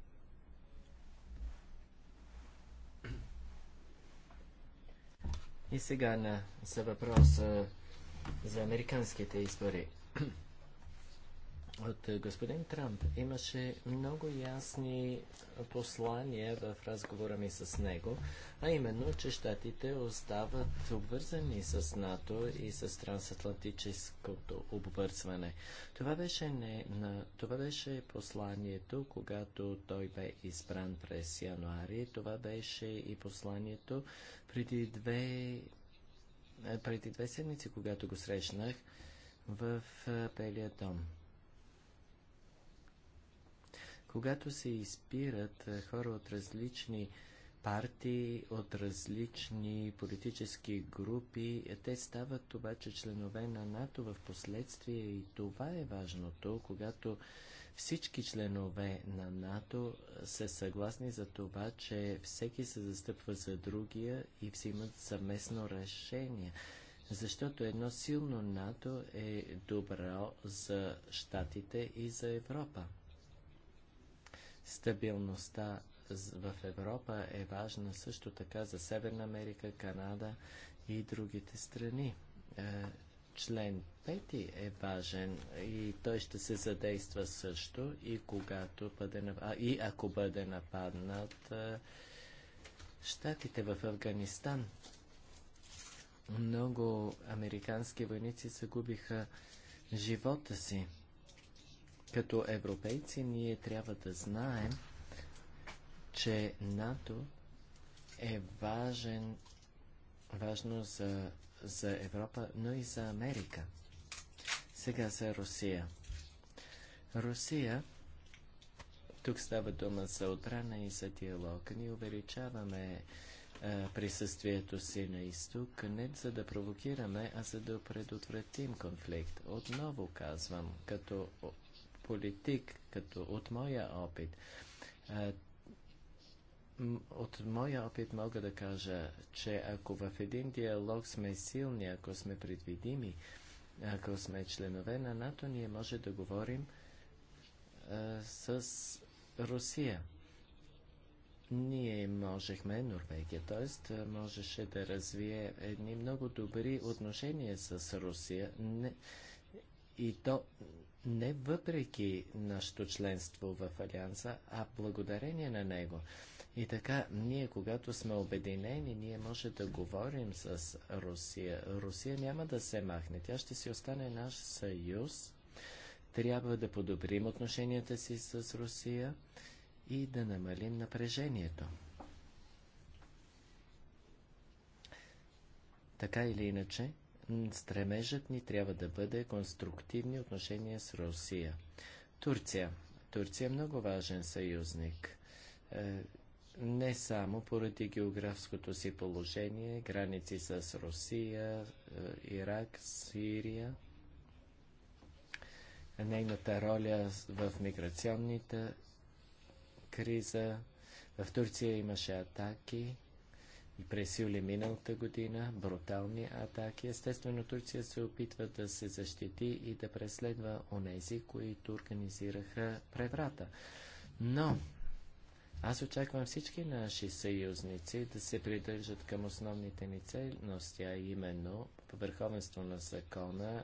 И сега на, за въпроса за американските избори от е, господин Трамп. Имаше много ясни послания в разговора ми с него, а именно, че щатите остават обвързани с НАТО и с трансатлантическото обвързване. Това беше, не, на, това беше посланието, когато той бе избран през януари. Това беше и посланието преди две, е, преди две седмици, когато го срещнах в е, Белия дом. Когато се избират е, хора от различни партии, от различни политически групи, е, те стават обаче членове на НАТО в последствие и това е важното, когато всички членове на НАТО е, са съгласни за това, че всеки се застъпва за другия и взимат съвместно решение. Защото едно силно НАТО е добро за Штатите и за Европа. Стабилността в Европа е важна също така за Северна Америка, Канада и другите страни. Е, член 5 е важен и той ще се задейства също и когато бъде, а, и ако бъде нападнат е, щатите в Афганистан. Много американски войници загубиха живота си. Като европейци ние трябва да знаем, че НАТО е важен, важно за, за Европа, но и за Америка. Сега за Русия. Русия, тук става дума за отбрана и за диалог. Ние увеличаваме а, е, присъствието си на изток, не за да провокираме, а за да предотвратим конфликт. Отново казвам, като политик, като от моя опит, от моя опит мога да кажа, че ако в един диалог сме силни, ако сме предвидими, ако сме членове на НАТО, ние може да говорим а, с Русия. Ние можехме, Норвегия, т.е. можеше да развие едни много добри отношения с Русия не, и то не въпреки нашето членство в Алианса, а благодарение на него. И така, ние, когато сме обединени, ние може да говорим с Русия. Русия няма да се махне. Тя ще си остане наш съюз. Трябва да подобрим отношенията си с Русия и да намалим напрежението. Така или иначе, Стремежът ни трябва да бъде конструктивни отношения с Русия. Турция. Турция е много важен съюзник. Е, не само поради географското си положение, граници с Русия, е, Ирак, Сирия, нейната роля в миграционните криза. В Турция имаше атаки през юли миналата година, брутални атаки. Естествено, Турция се опитва да се защити и да преследва онези, които организираха преврата. Но аз очаквам всички наши съюзници да се придържат към основните ни ценности, а именно върховенство на закона,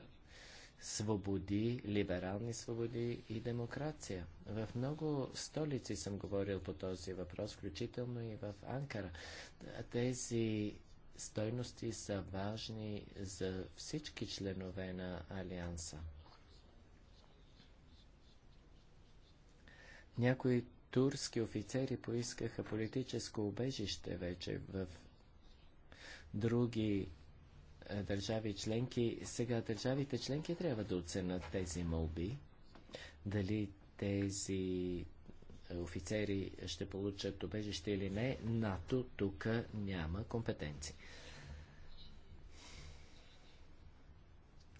свободи, либерални свободи и демокрация. В много столици съм говорил по този въпрос, включително и в Анкара. Тези стойности са важни за всички членове на Алианса. Някои турски офицери поискаха политическо убежище вече в други е, държави членки. Сега държавите членки трябва да оценят тези молби. Дали тези е, офицери ще получат обежище или не, НАТО тук няма компетенции.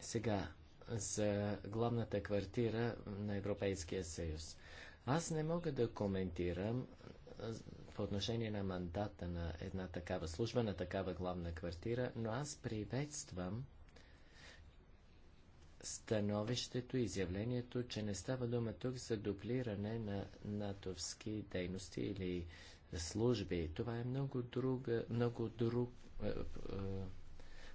Сега, за главната квартира на Европейския съюз. Аз не мога да коментирам по отношение на мандата на една такава служба, на такава главна квартира, но аз приветствам становището и изявлението, че не става дума тук за дублиране на натовски дейности или служби. Това е много друга, много друг, е, е,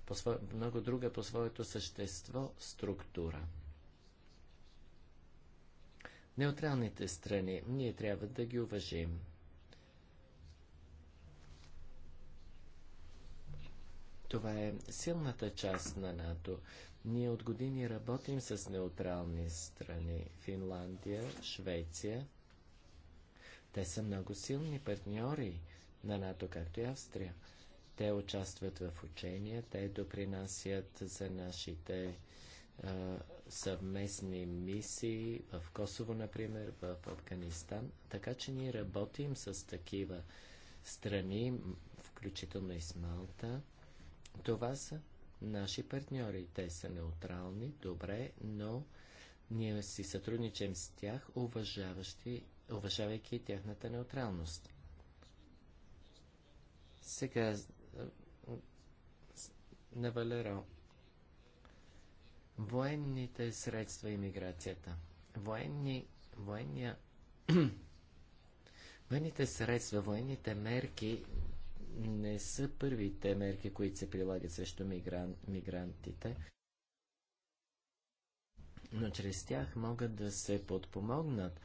по много друга по своето същество структура. Неутралните страни ние трябва да ги уважим. Това е силната част на НАТО. Ние от години работим с неутрални страни Финландия, Швеция. Те са много силни партньори на НАТО, както и Австрия. Те участват в учения, те допринасят за нашите е, съвместни мисии в Косово, например, в Афганистан. Така че ние работим с такива страни, включително и с Малта. Това са наши партньори. Те са неутрални, добре, но ние си сътрудничим с тях, уважавайки тяхната неутралност. Сега на Валеро. Военните средства и миграцията. Военни, военния, военните средства, военните мерки не са първите мерки, които се прилагат срещу мигран... мигрантите, но чрез тях могат да се подпомогнат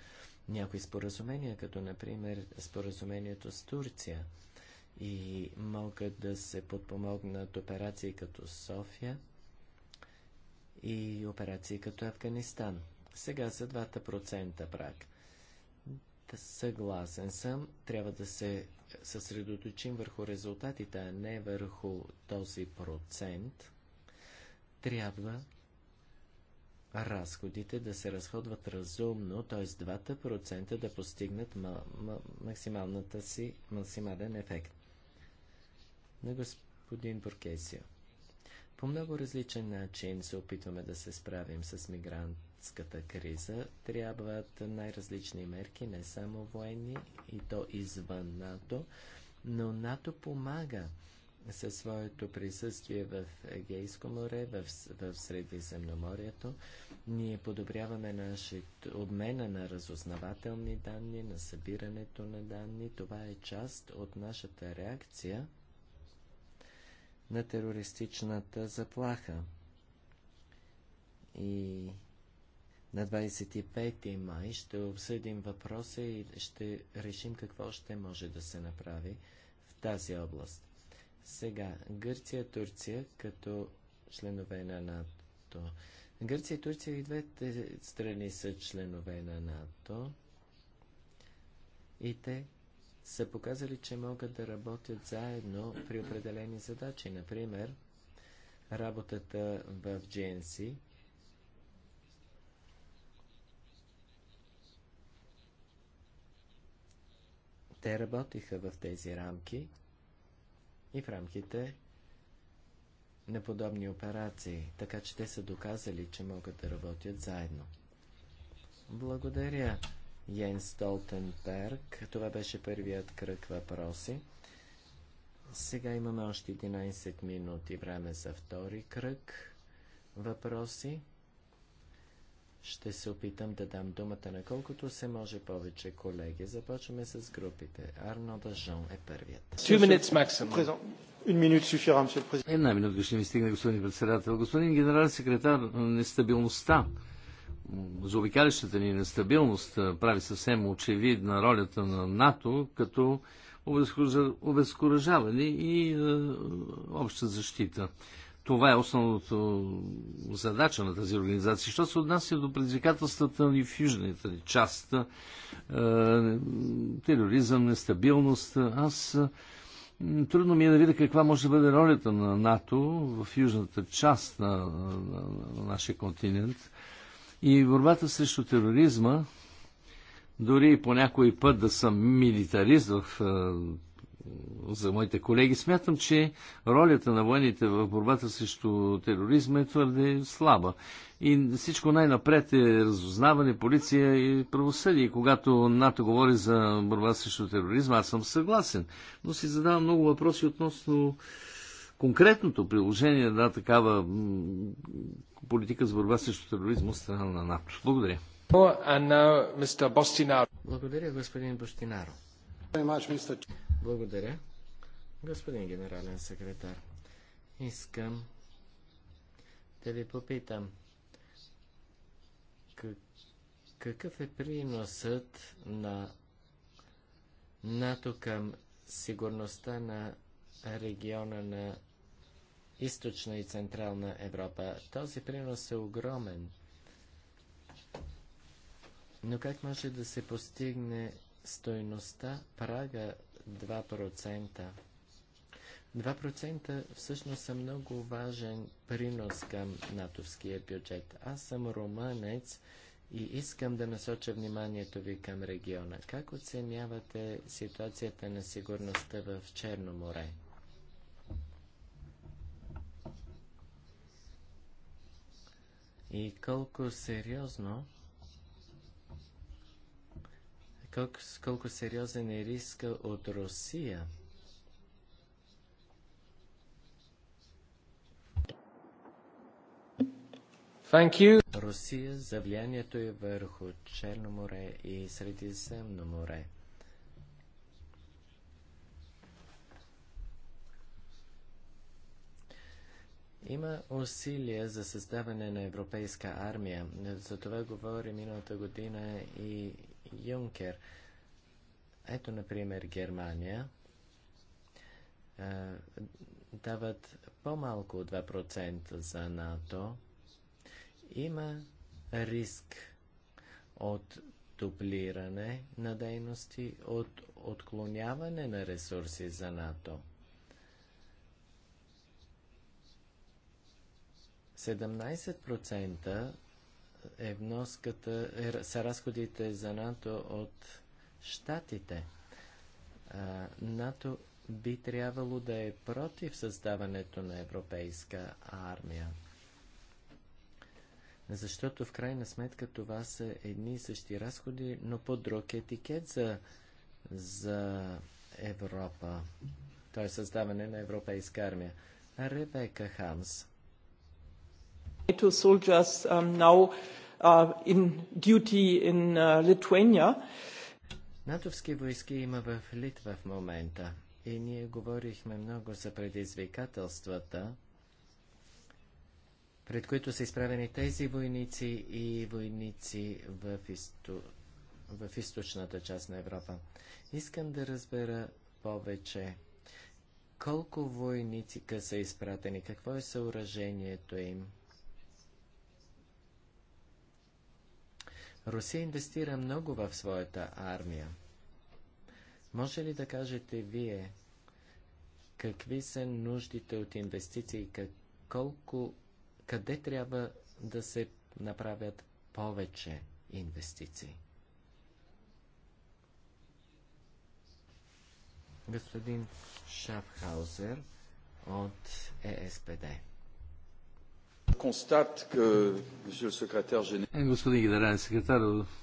някои споразумения, като например споразумението с Турция и могат да се подпомогнат операции като София и операции като Афганистан. Сега са двата процента прак. Съгласен съм, трябва да се съсредоточим върху резултатите, а не върху този процент, трябва разходите да се разходват разумно, т.е. 2% да постигнат максималната си, максимален ефект. На господин Буркесио. По много различен начин се опитваме да се справим с мигрант мигрантската криза трябват най-различни мерки, не само военни и то извън НАТО, но НАТО помага със своето присъствие в Егейско море, в, в Средиземноморието. Ние подобряваме нашето обмена на разузнавателни данни, на събирането на данни. Това е част от нашата реакция на терористичната заплаха. И на 25 май ще обсъдим въпроса и ще решим какво ще може да се направи в тази област. Сега, Гърция, Турция като членове на НАТО. Гърция и Турция и двете страни са членове на НАТО и те са показали, че могат да работят заедно при определени задачи. Например, работата в GNC – Те работиха в тези рамки и в рамките на подобни операции, така че те са доказали, че могат да работят заедно. Благодаря, Йен Столтенберг. Това беше първият кръг въпроси. Сега имаме още 11 минути време за втори кръг въпроси. Ще се опитам да дам думата на колкото се може повече колеги. Започваме с групите. Арно Дажон е първият. Една минута ще ми стигне, господин председател. Господин генерал секретар, нестабилността заобикалищата ни нестабилност прави съвсем очевидна ролята на НАТО като обезкуражаване и обща защита. Това е основната задача на тази организация. Що се отнася до предизвикателствата ни в южната ни част, е, тероризъм, нестабилност, аз е, трудно ми е да видя каква може да бъде ролята на НАТО в южната част на, на, на нашия континент. И борбата срещу тероризма, дори и по някой път да съм милитарист в е, за моите колеги. Смятам, че ролята на военните в борбата срещу тероризма е твърде слаба. И всичко най-напред е разузнаване, полиция и правосъдие. когато НАТО говори за борба срещу тероризма, аз съм съгласен. Но си задавам много въпроси относно конкретното приложение на такава политика за борба срещу тероризма от страна на НАТО. Благодаря. Благодаря, господин Бостинаро. Благодаря. Господин генерален секретар, искам да ви попитам какъв е приносът на НАТО към сигурността на региона на източна и централна Европа. Този принос е огромен. Но как може да се постигне стойността, прага 2%. 2% всъщност са много важен принос към натовския бюджет. Аз съм румънец и искам да насоча вниманието ви към региона. Как оценявате ситуацията на сигурността в Черно море? И колко сериозно колко, колко сериозен е риска от Русия. Thank you. Русия за влиянието е върху Черно море и Средиземно море. Има усилия за създаване на европейска армия. За това говори миналата година и Юнкер. Ето, например, Германия е, дават по-малко от 2% за НАТО. Има риск от дублиране на дейности, от отклоняване на ресурси за НАТО. 17% е вноската, е, са разходите за НАТО от щатите. А, НАТО би трябвало да е против създаването на европейска армия. Защото в крайна сметка това са едни и същи разходи, но по друг етикет за, за Европа. Той е създаване на европейска армия. Ребека Хамс. NATO soldiers um, now uh, in duty in uh, Lithuania. Натовски войски има в Литва в момента и ние говорихме много за предизвикателствата, пред които са изправени тези войници и войници в, изто... в източната част на Европа. Искам да разбера повече колко войници са изпратени, какво е съоръжението им. Русия инвестира много в своята армия. Може ли да кажете вие какви са нуждите от инвестиции, как, колко, къде трябва да се направят повече инвестиции? Господин Шафхаузер от е ЕСПД. Е, господин генерален секретар,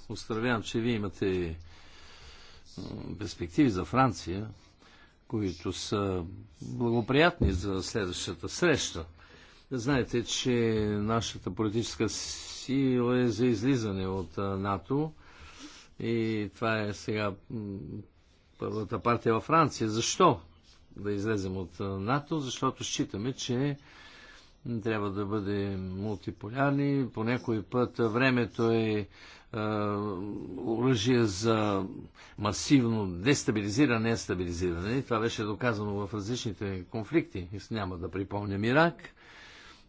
установявам, че вие имате перспективи за Франция, които са благоприятни за следващата среща. Знаете, че нашата политическа сила е за излизане от НАТО и това е сега първата партия във Франция. Защо да излезем от НАТО? Защото считаме, че трябва да бъде мултиполярни. По някой път времето е, е оръжие за масивно дестабилизиране, нестабилизиране. Това беше доказано в различните конфликти. Няма да припомням Ирак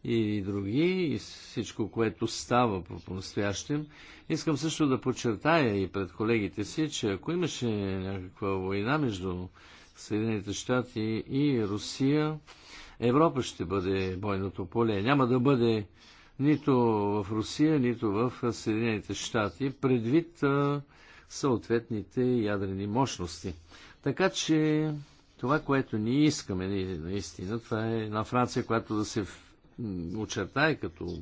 и други, и всичко, което става по-настоящем. Искам също да подчертая и пред колегите си, че ако имаше някаква война между Съединените щати и Русия, Европа ще бъде бойното поле. Няма да бъде нито в Русия, нито в Съединените щати, предвид съответните ядрени мощности. Така че това, което ние искаме наистина, това е една Франция, която да се очертае като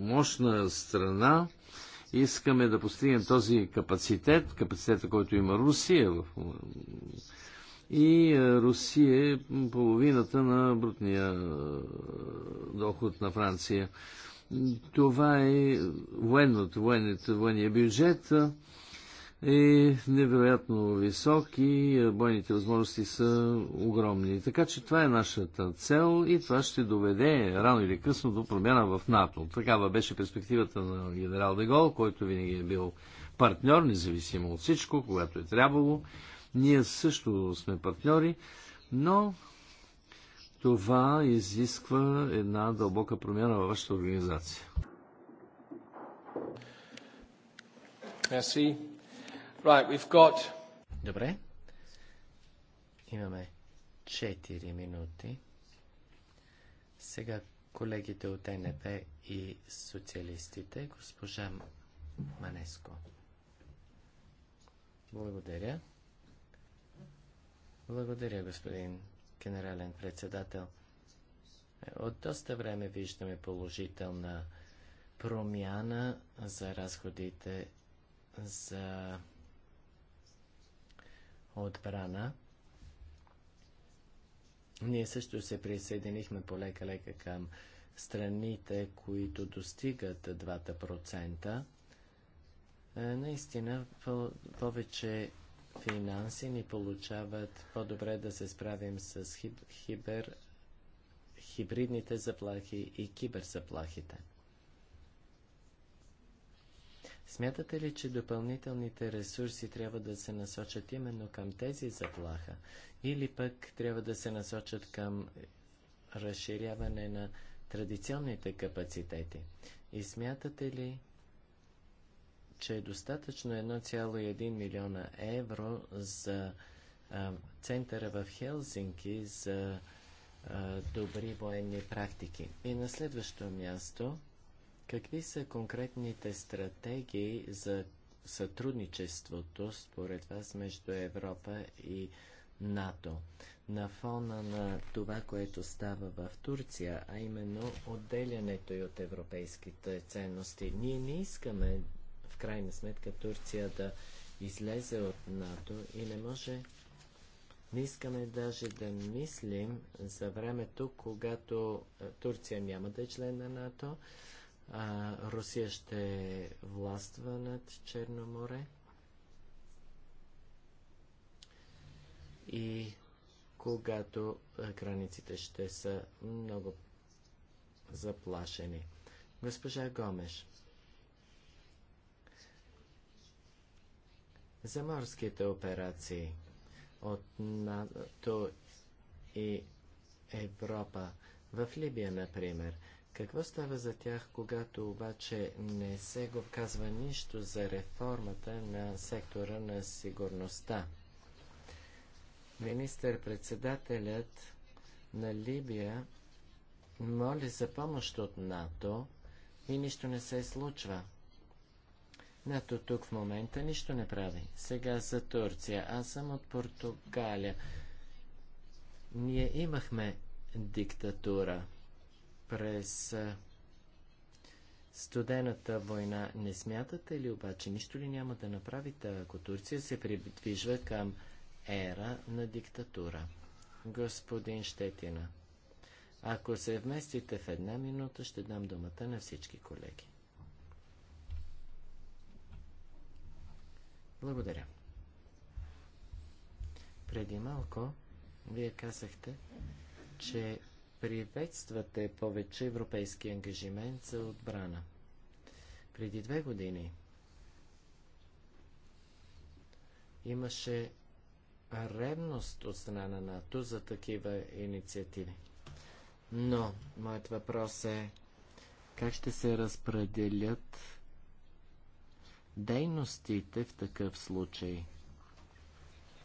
мощна страна. Искаме да постигнем този капацитет, капацитета, който има Русия в и е, Русия е половината на брутния е, доход на Франция. Това е военното, военните, военния бюджет е, е невероятно висок и бойните възможности са огромни. Така че това е нашата цел и това ще доведе рано или късно до промяна в НАТО. Такава беше перспективата на генерал Дегол, който винаги е бил партньор, независимо от всичко, когато е трябвало. Ние също сме партньори, но това изисква една дълбока промяна във вашата организация. Merci. Right, we've got... Добре. Имаме 4 минути. Сега колегите от НП и социалистите, госпожа Манеско. Благодаря. Благодаря, господин генерален председател. От доста време виждаме положителна промяна за разходите за отбрана. Ние също се присъединихме полека-лека към страните, които достигат 2%. Е, наистина, повече финанси ни получават по-добре да се справим с хиб, хибер, хибридните заплахи и киберзаплахите. Смятате ли, че допълнителните ресурси трябва да се насочат именно към тези заплаха или пък трябва да се насочат към разширяване на традиционните капацитети? И смятате ли, че е достатъчно 1,1 милиона евро за а, центъра в Хелзинки за а, добри военни практики. И на следващо място, какви са конкретните стратегии за сътрудничеството според вас между Европа и НАТО на фона на това, което става в Турция, а именно отделянето и от европейските ценности. Ние не искаме крайна сметка Турция да излезе от НАТО и не може не искаме даже да мислим за времето, когато е, Турция няма да е член на НАТО, а Русия ще властва над Черно море. И когато е, границите ще са много заплашени. Госпожа Гомеш, За морските операции от НАТО и Европа, в Либия, например, какво става за тях, когато обаче не се го казва нищо за реформата на сектора на сигурността? Министър-председателят на Либия моли за помощ от НАТО и нищо не се случва. НАТО тук в момента нищо не прави. Сега за Турция. Аз съм от Португалия. Ние имахме диктатура през студената война. Не смятате ли обаче, нищо ли няма да направите, ако Турция се придвижва към ера на диктатура? Господин Щетина, ако се вместите в една минута, ще дам думата на всички колеги. Благодаря. Преди малко вие казахте, че приветствате повече европейски ангажимент за отбрана. Преди две години имаше ревност от страна на НАТО за такива инициативи. Но моят въпрос е как ще се разпределят дейностите в такъв случай.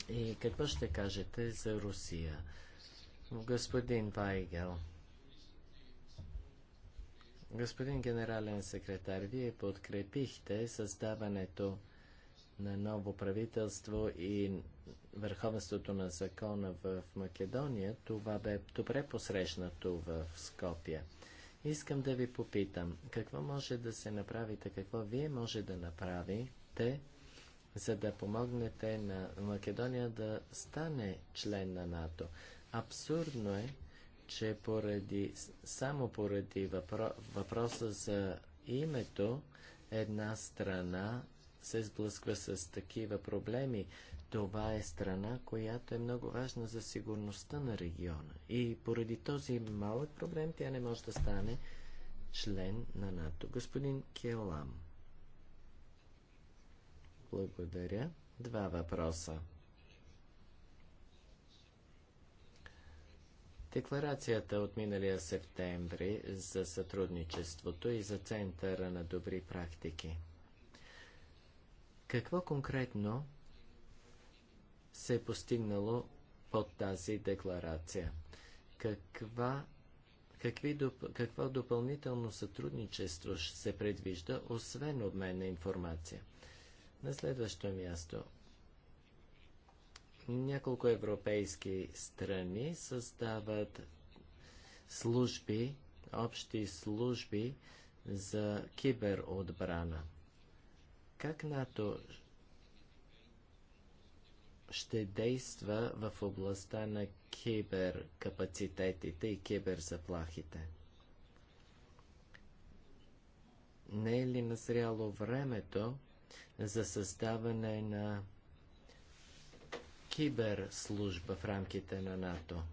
И какво ще кажете за Русия? Господин Вайгел, господин генерален секретар, вие подкрепихте създаването на ново правителство и върховенството на закона в Македония. Това бе добре посрещнато в Скопия. Искам да ви попитам, какво може да се направите, какво вие може да направите, за да помогнете на Македония да стане член на НАТО. Абсурдно е, че поради, само поради въпро, въпроса за името, една страна се сблъсква с такива проблеми. Това е страна, която е много важна за сигурността на региона. И поради този малък проблем тя не може да стане член на НАТО. Господин Келам. Благодаря. Два въпроса. Декларацията от миналия септември за сътрудничеството и за Центъра на добри практики. Какво конкретно се е постигнало под тази декларация? Каква, какви, какво допълнително сътрудничество се предвижда, освен обмен на информация? На следващо място. Няколко европейски страни създават служби, общи служби за киберотбрана. Как НАТО ще действа в областта на киберкапацитетите и киберзаплахите? Не е ли назряло времето за създаване на киберслужба в рамките на НАТО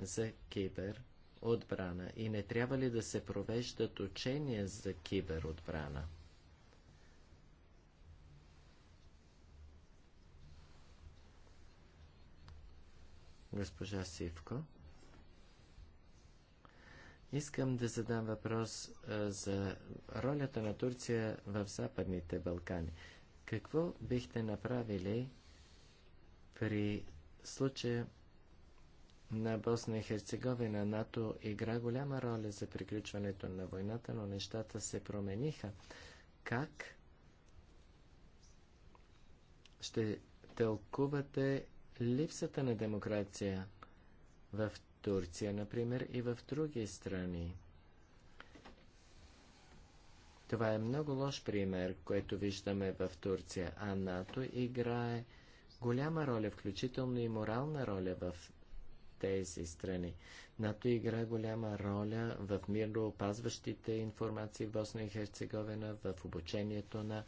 за киберотбрана. и не трябва ли да се провеждат учения за киберотбрана? госпожа Сивко. Искам да задам въпрос а, за ролята на Турция в Западните Балкани. Какво бихте направили при случая на Босна и Херцеговина? НАТО игра голяма роля за приключването на войната, но нещата се промениха. Как ще тълкувате Липсата на демокрация в Турция, например, и в други страни. Това е много лош пример, което виждаме в Турция, а НАТО играе голяма роля, включително и морална роля в тези страни. НАТО игра голяма роля в мирно опазващите информации в Босна и Херцеговина, в обучението на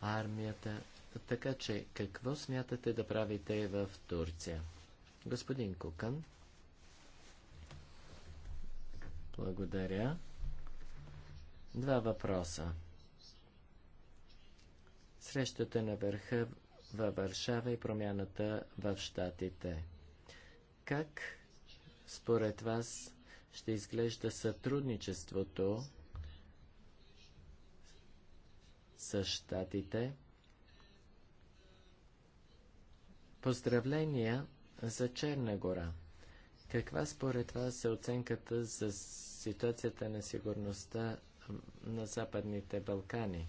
армията така че, какво смятате да правите в Турция? Господин Кукан. Благодаря. Два въпроса. Срещата на върха във Варшава и промяната в Штатите. Как според вас ще изглежда сътрудничеството с Штатите? Поздравления за Черна гора. Каква според вас е оценката за ситуацията на сигурността на Западните Балкани?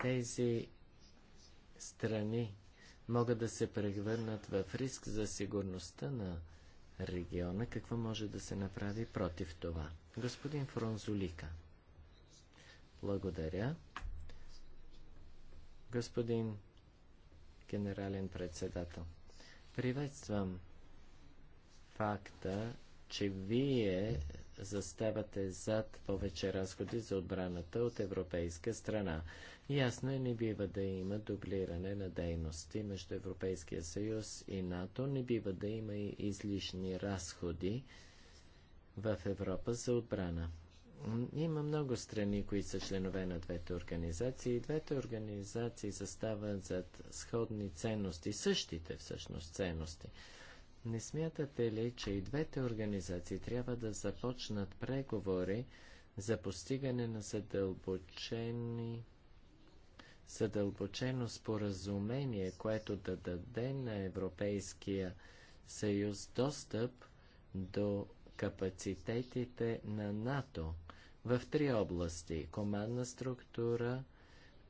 Тези страни могат да се превърнат в риск за сигурността на региона. Какво може да се направи против това? Господин Фронзулика. Благодаря. Господин генерален председател. Приветствам факта, че вие заставате зад повече разходи за отбраната от европейска страна. Ясно е, не бива да има дублиране на дейности между Европейския съюз и НАТО, не бива да има и излишни разходи в Европа за отбрана. Има много страни, които са членове на двете организации. Двете организации застават зад сходни ценности, същите всъщност ценности. Не смятате ли, че и двете организации трябва да започнат преговори за постигане на задълбочени задълбочено споразумение, което да даде на Европейския съюз достъп до капацитетите на НАТО? в три области – командна структура,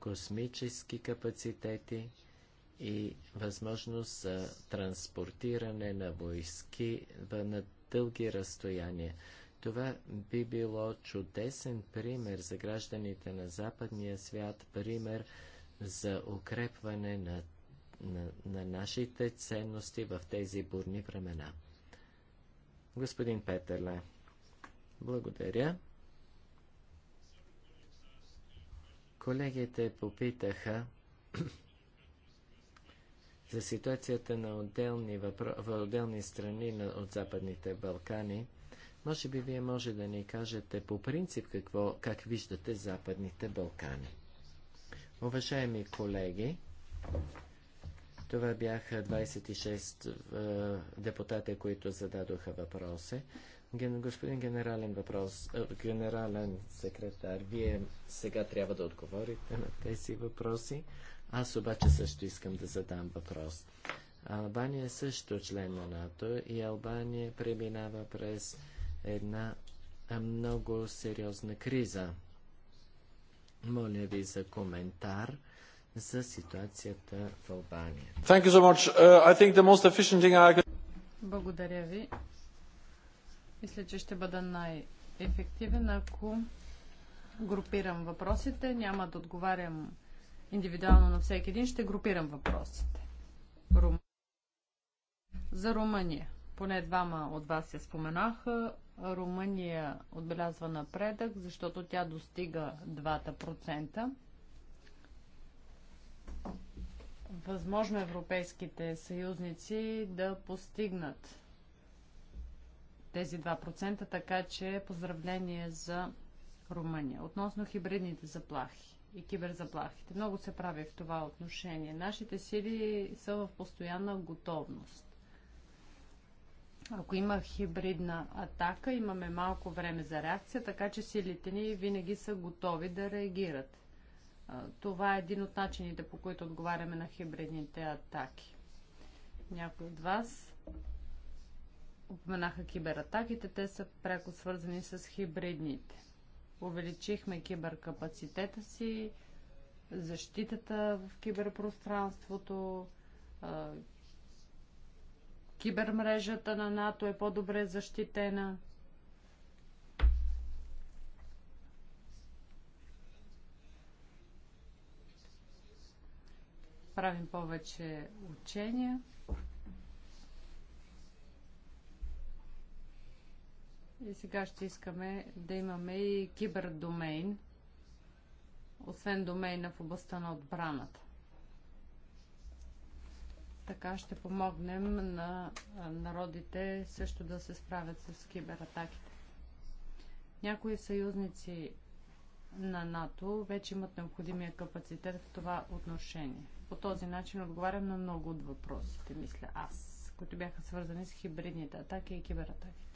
космически капацитети и възможност за транспортиране на войски на дълги разстояния. Това би било чудесен пример за гражданите на западния свят, пример за укрепване на, на, на нашите ценности в тези бурни времена. Господин Петерле, благодаря. Колегите попитаха за ситуацията на отделни, въпро... в отделни страни на... от Западните Балкани. Може би вие може да ни кажете по принцип какво, как виждате Западните Балкани. Уважаеми колеги, това бяха 26 е, депутати, които зададоха въпроси. Ген, господин генерален въпрос, э, генерален секретар, вие сега трябва да отговорите на тези въпроси. Аз обаче също искам да задам въпрос. Албания е също член на НАТО и Албания преминава през една е, много сериозна криза. Моля ви за коментар за ситуацията в Албания. Uh, Благодаря ви. Мисля, че ще бъда най-ефективен, ако групирам въпросите. Няма да отговарям индивидуално на всеки един, ще групирам въпросите. Рум... За Румъния. Поне двама от вас я споменаха. Румъния отбелязва напредък, защото тя достига 2%. Възможно европейските съюзници да постигнат тези 2%, така че поздравление за Румъния. Относно хибридните заплахи и киберзаплахите. Много се прави в това отношение. Нашите сили са в постоянна готовност. Ако има хибридна атака, имаме малко време за реакция, така че силите ни винаги са готови да реагират. Това е един от начините, по които отговаряме на хибридните атаки. Някой от вас Упоменаха кибератаките, те са пряко свързани с хибридните. Увеличихме киберкапацитета си, защитата в киберпространството, кибермрежата на НАТО е по-добре защитена. Правим повече учения. И сега ще искаме да имаме и кибердомейн, освен домейна в областта на отбраната. Така ще помогнем на народите също да се справят с кибератаките. Някои съюзници на НАТО вече имат необходимия капацитет в това отношение. По този начин отговарям на много от въпросите, мисля аз, които бяха свързани с хибридните атаки и кибератаките.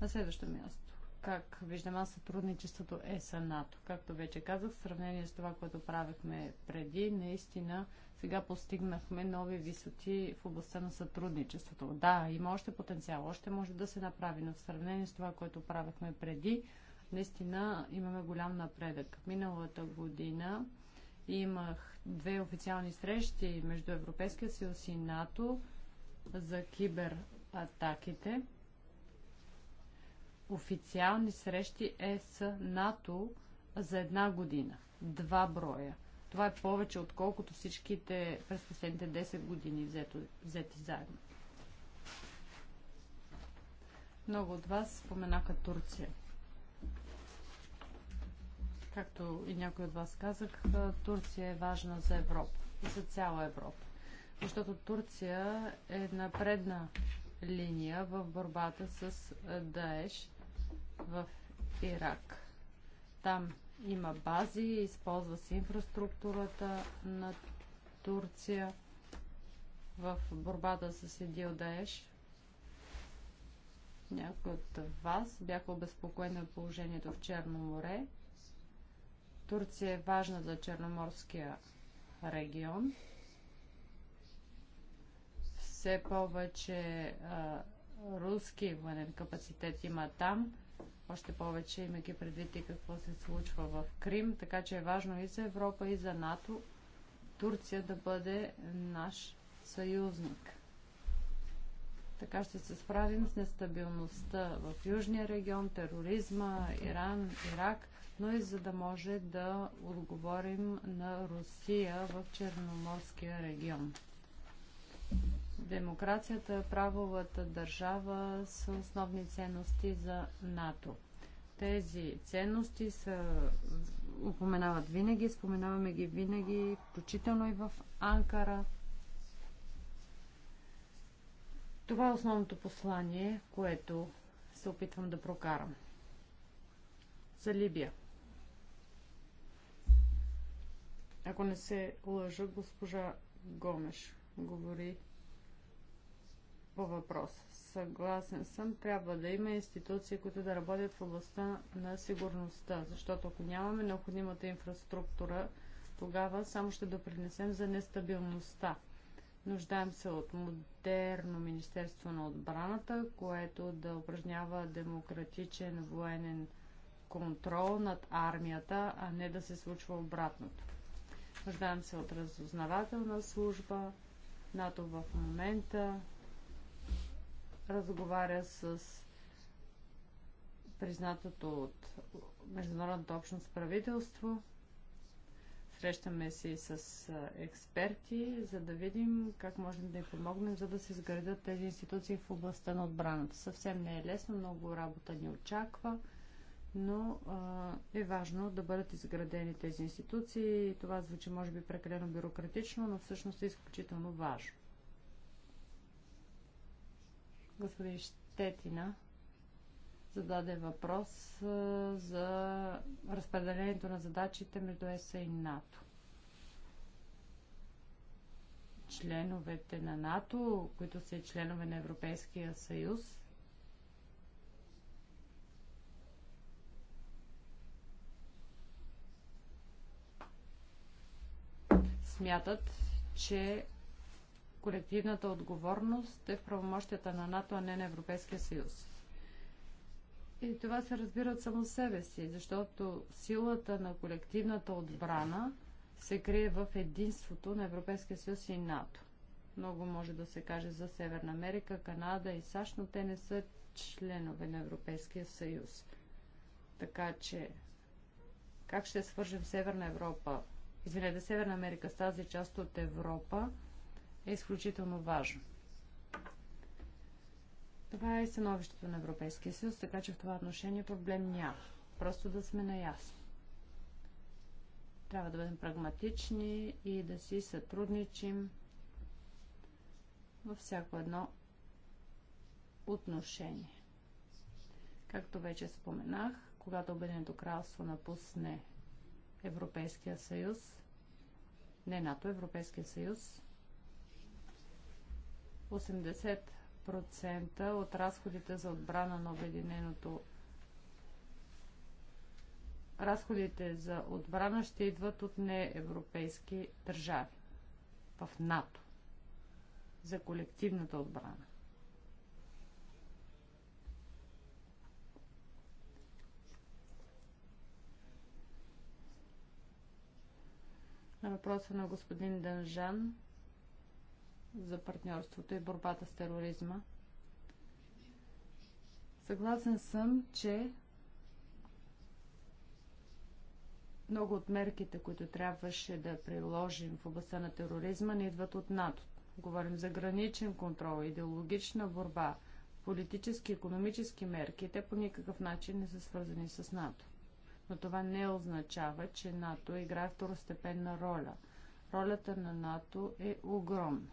На следващо място, как виждам аз сътрудничеството е с нато Както вече казах, в сравнение с това, което правихме преди, наистина сега постигнахме нови висоти в областта на сътрудничеството. Да, има още потенциал, още може да се направи, но в сравнение с това, което правихме преди, наистина имаме голям напредък. Миналата година имах две официални срещи между Европейския съюз и НАТО за кибератаките официални срещи Е С НАТО за една година. Два броя. Това е повече, отколкото всичките през последните 10 години взето, взети заедно. Много от вас споменаха Турция. Както и някои от вас казах, Турция е важна за Европа и за цяла Европа. Защото Турция е на предна линия в борбата с Даеш в Ирак. Там има бази, използва се инфраструктурата на Турция в борбата с Идил Даеш. Някои от вас бяха обезпокоени от положението в Черно море. Турция е важна за Черноморския регион. Все повече а, руски военен капацитет има там още повече, имайки предвид и какво се случва в Крим, така че е важно и за Европа, и за НАТО Турция да бъде наш съюзник. Така ще се справим с нестабилността в Южния регион, тероризма, Иран, Ирак, но и за да може да отговорим на Русия в Черноморския регион. Демокрацията, правовата държава са основни ценности за НАТО. Тези ценности са упоменават винаги, споменаваме ги винаги, включително и в Анкара. Това е основното послание, което се опитвам да прокарам. За Либия. Ако не се лъжа, госпожа Гомеш говори по въпрос. Съгласен съм, трябва да има институции, които да работят в областта на сигурността, защото ако нямаме необходимата инфраструктура, тогава само ще допринесем за нестабилността. Нуждаем се от модерно Министерство на отбраната, което да упражнява демократичен военен контрол над армията, а не да се случва обратното. Нуждаем се от разузнавателна служба, НАТО в момента разговаря с признатото от международната общност правителство. Срещаме се и с експерти, за да видим как можем да им помогнем, за да се изградят тези институции в областта на отбраната. Съвсем не е лесно, много работа ни очаква, но а, е важно да бъдат изградени тези институции. Това звучи, може би, прекалено бюрократично, но всъщност е изключително важно. Господин Щетина зададе въпрос за разпределението на задачите между ЕСА и НАТО. Членовете на НАТО, които са и членове на Европейския съюз, смятат, че колективната отговорност е в правомощията на НАТО, а не на Европейския съюз. И това се разбира от само себе си, защото силата на колективната отбрана се крие в единството на Европейския съюз и НАТО. Много може да се каже за Северна Америка, Канада и САЩ, но те не са членове на Европейския съюз. Така че, как ще свържем Северна Европа, извинете, Северна Америка с тази част от Европа, е изключително важно. Това е становището на Европейския съюз, така че в това отношение проблем няма. Просто да сме наясно. Трябва да бъдем прагматични и да си сътрудничим във всяко едно отношение. Както вече споменах, когато Обединеното кралство напусне Европейския съюз, не НАТО, Европейския съюз, 80% от разходите за отбрана на Обединеното разходите за отбрана ще идват от неевропейски държави в НАТО за колективната отбрана. На въпроса на господин Данжан за партньорството и борбата с тероризма. Съгласен съм, че много от мерките, които трябваше да приложим в областта на тероризма, не идват от НАТО. Говорим за граничен контрол, идеологична борба, политически, економически мерки. Те по никакъв начин не са свързани с НАТО. Но това не означава, че НАТО играе второстепенна роля. Ролята на НАТО е огромна.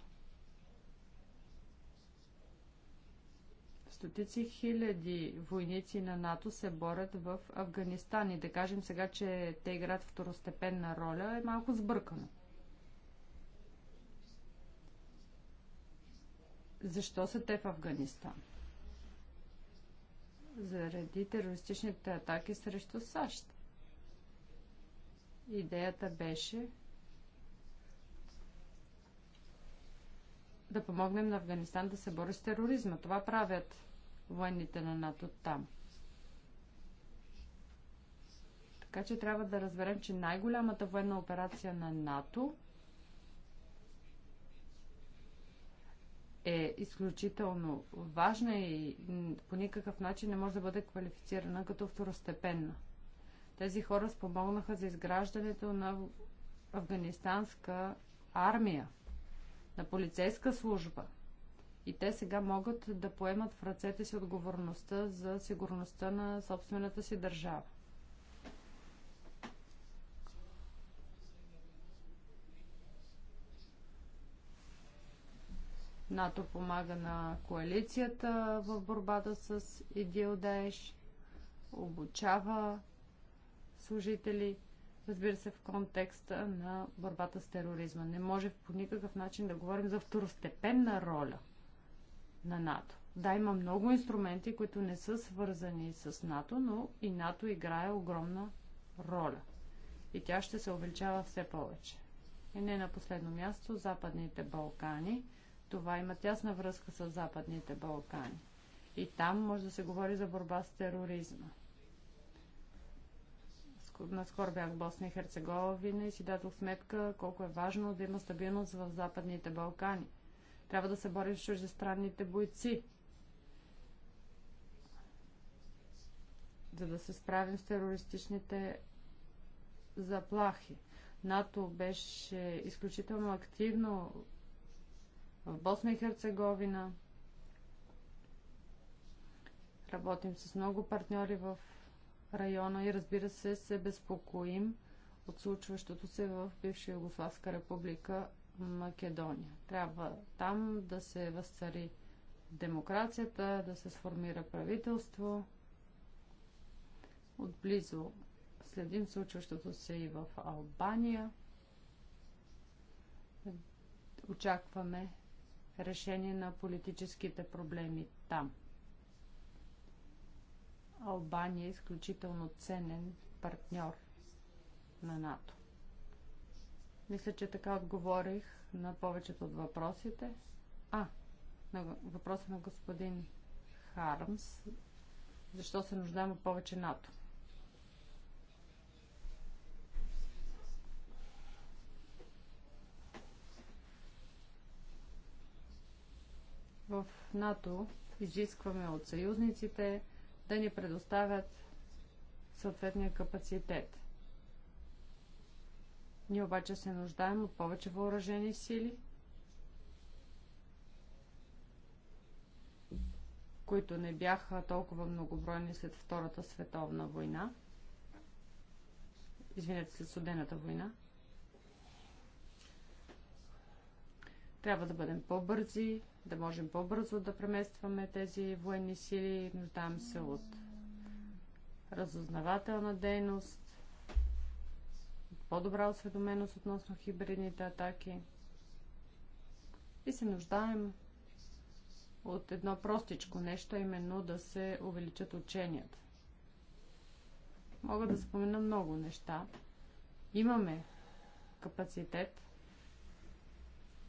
Стотици хиляди войници на НАТО се борят в Афганистан и да кажем сега, че те играят второстепенна роля е малко сбъркано. Защо са те в Афганистан? Заради терористичните атаки срещу САЩ. Идеята беше да помогнем на Афганистан да се бори с тероризма. Това правят военните на НАТО там. Така че трябва да разберем, че най-голямата военна операция на НАТО е изключително важна и по никакъв начин не може да бъде квалифицирана като второстепенна. Тези хора спомогнаха за изграждането на афганистанска армия на полицейска служба. И те сега могат да поемат в ръцете си отговорността за сигурността на собствената си държава. НАТО помага на коалицията в борбата с ИДИЛДАЕш, обучава служители разбира се, в контекста на борбата с тероризма. Не може по никакъв начин да говорим за второстепенна роля на НАТО. Да, има много инструменти, които не са свързани с НАТО, но и НАТО играе огромна роля. И тя ще се увеличава все повече. И не на последно място, Западните Балкани. Това има тясна връзка с Западните Балкани. И там може да се говори за борба с тероризма наскоро бях в Босна и Херцеговина и си дадох сметка колко е важно да има стабилност в Западните Балкани. Трябва да се борим с чуждестранните бойци, за да се справим с терористичните заплахи. НАТО беше изключително активно в Босна и Херцеговина. Работим с много партньори в района и разбира се се безпокоим от случващото се в бивша Югославска република Македония. Трябва там да се възцари демокрацията, да се сформира правителство. Отблизо следим случващото се и в Албания. Очакваме решение на политическите проблеми там. Албания е изключително ценен партньор на НАТО. Мисля, че така отговорих на повечето от въпросите. А, на въпроса на господин Хармс. Защо се нуждаем от повече НАТО? В НАТО изискваме от съюзниците да ни предоставят съответния капацитет. Ние обаче се нуждаем от повече въоръжени сили, които не бяха толкова многобройни след Втората световна война, извинете, след Судената война – Трябва да бъдем по-бързи, да можем по-бързо да преместваме тези военни сили. Нуждаем се от разузнавателна дейност, по-добра осведоменост относно хибридните атаки. И се нуждаем от едно простичко нещо, именно да се увеличат ученията. Мога да спомена много неща. Имаме капацитет,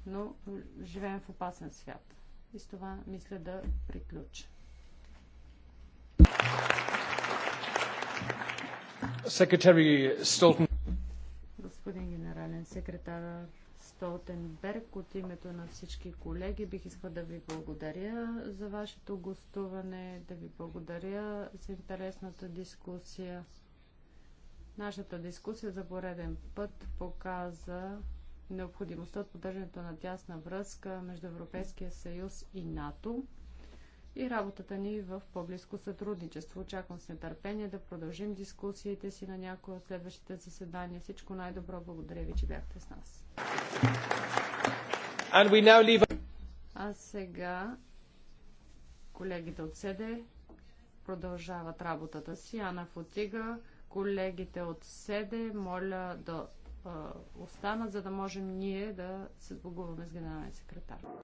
но живеем в опасен свят. И с това мисля да приключа. Господин генерален секретар Столтенберг, от името на всички колеги бих искал да ви благодаря за вашето гостуване, да ви благодаря за интересната дискусия. Нашата дискусия за пореден път показа необходимостта от поддържането на тясна връзка между Европейския съюз и НАТО и работата ни в по-близко сътрудничество. Очаквам с нетърпение да продължим дискусиите си на някои от следващите заседания. Всичко най-добро. Благодаря ви, че бяхте с нас. Leave... А сега колегите от СЕДЕ продължават работата си. Ана Фотига, колегите от СЕДЕ, моля да останат, за да можем ние да се сбогуваме с генералния секретар.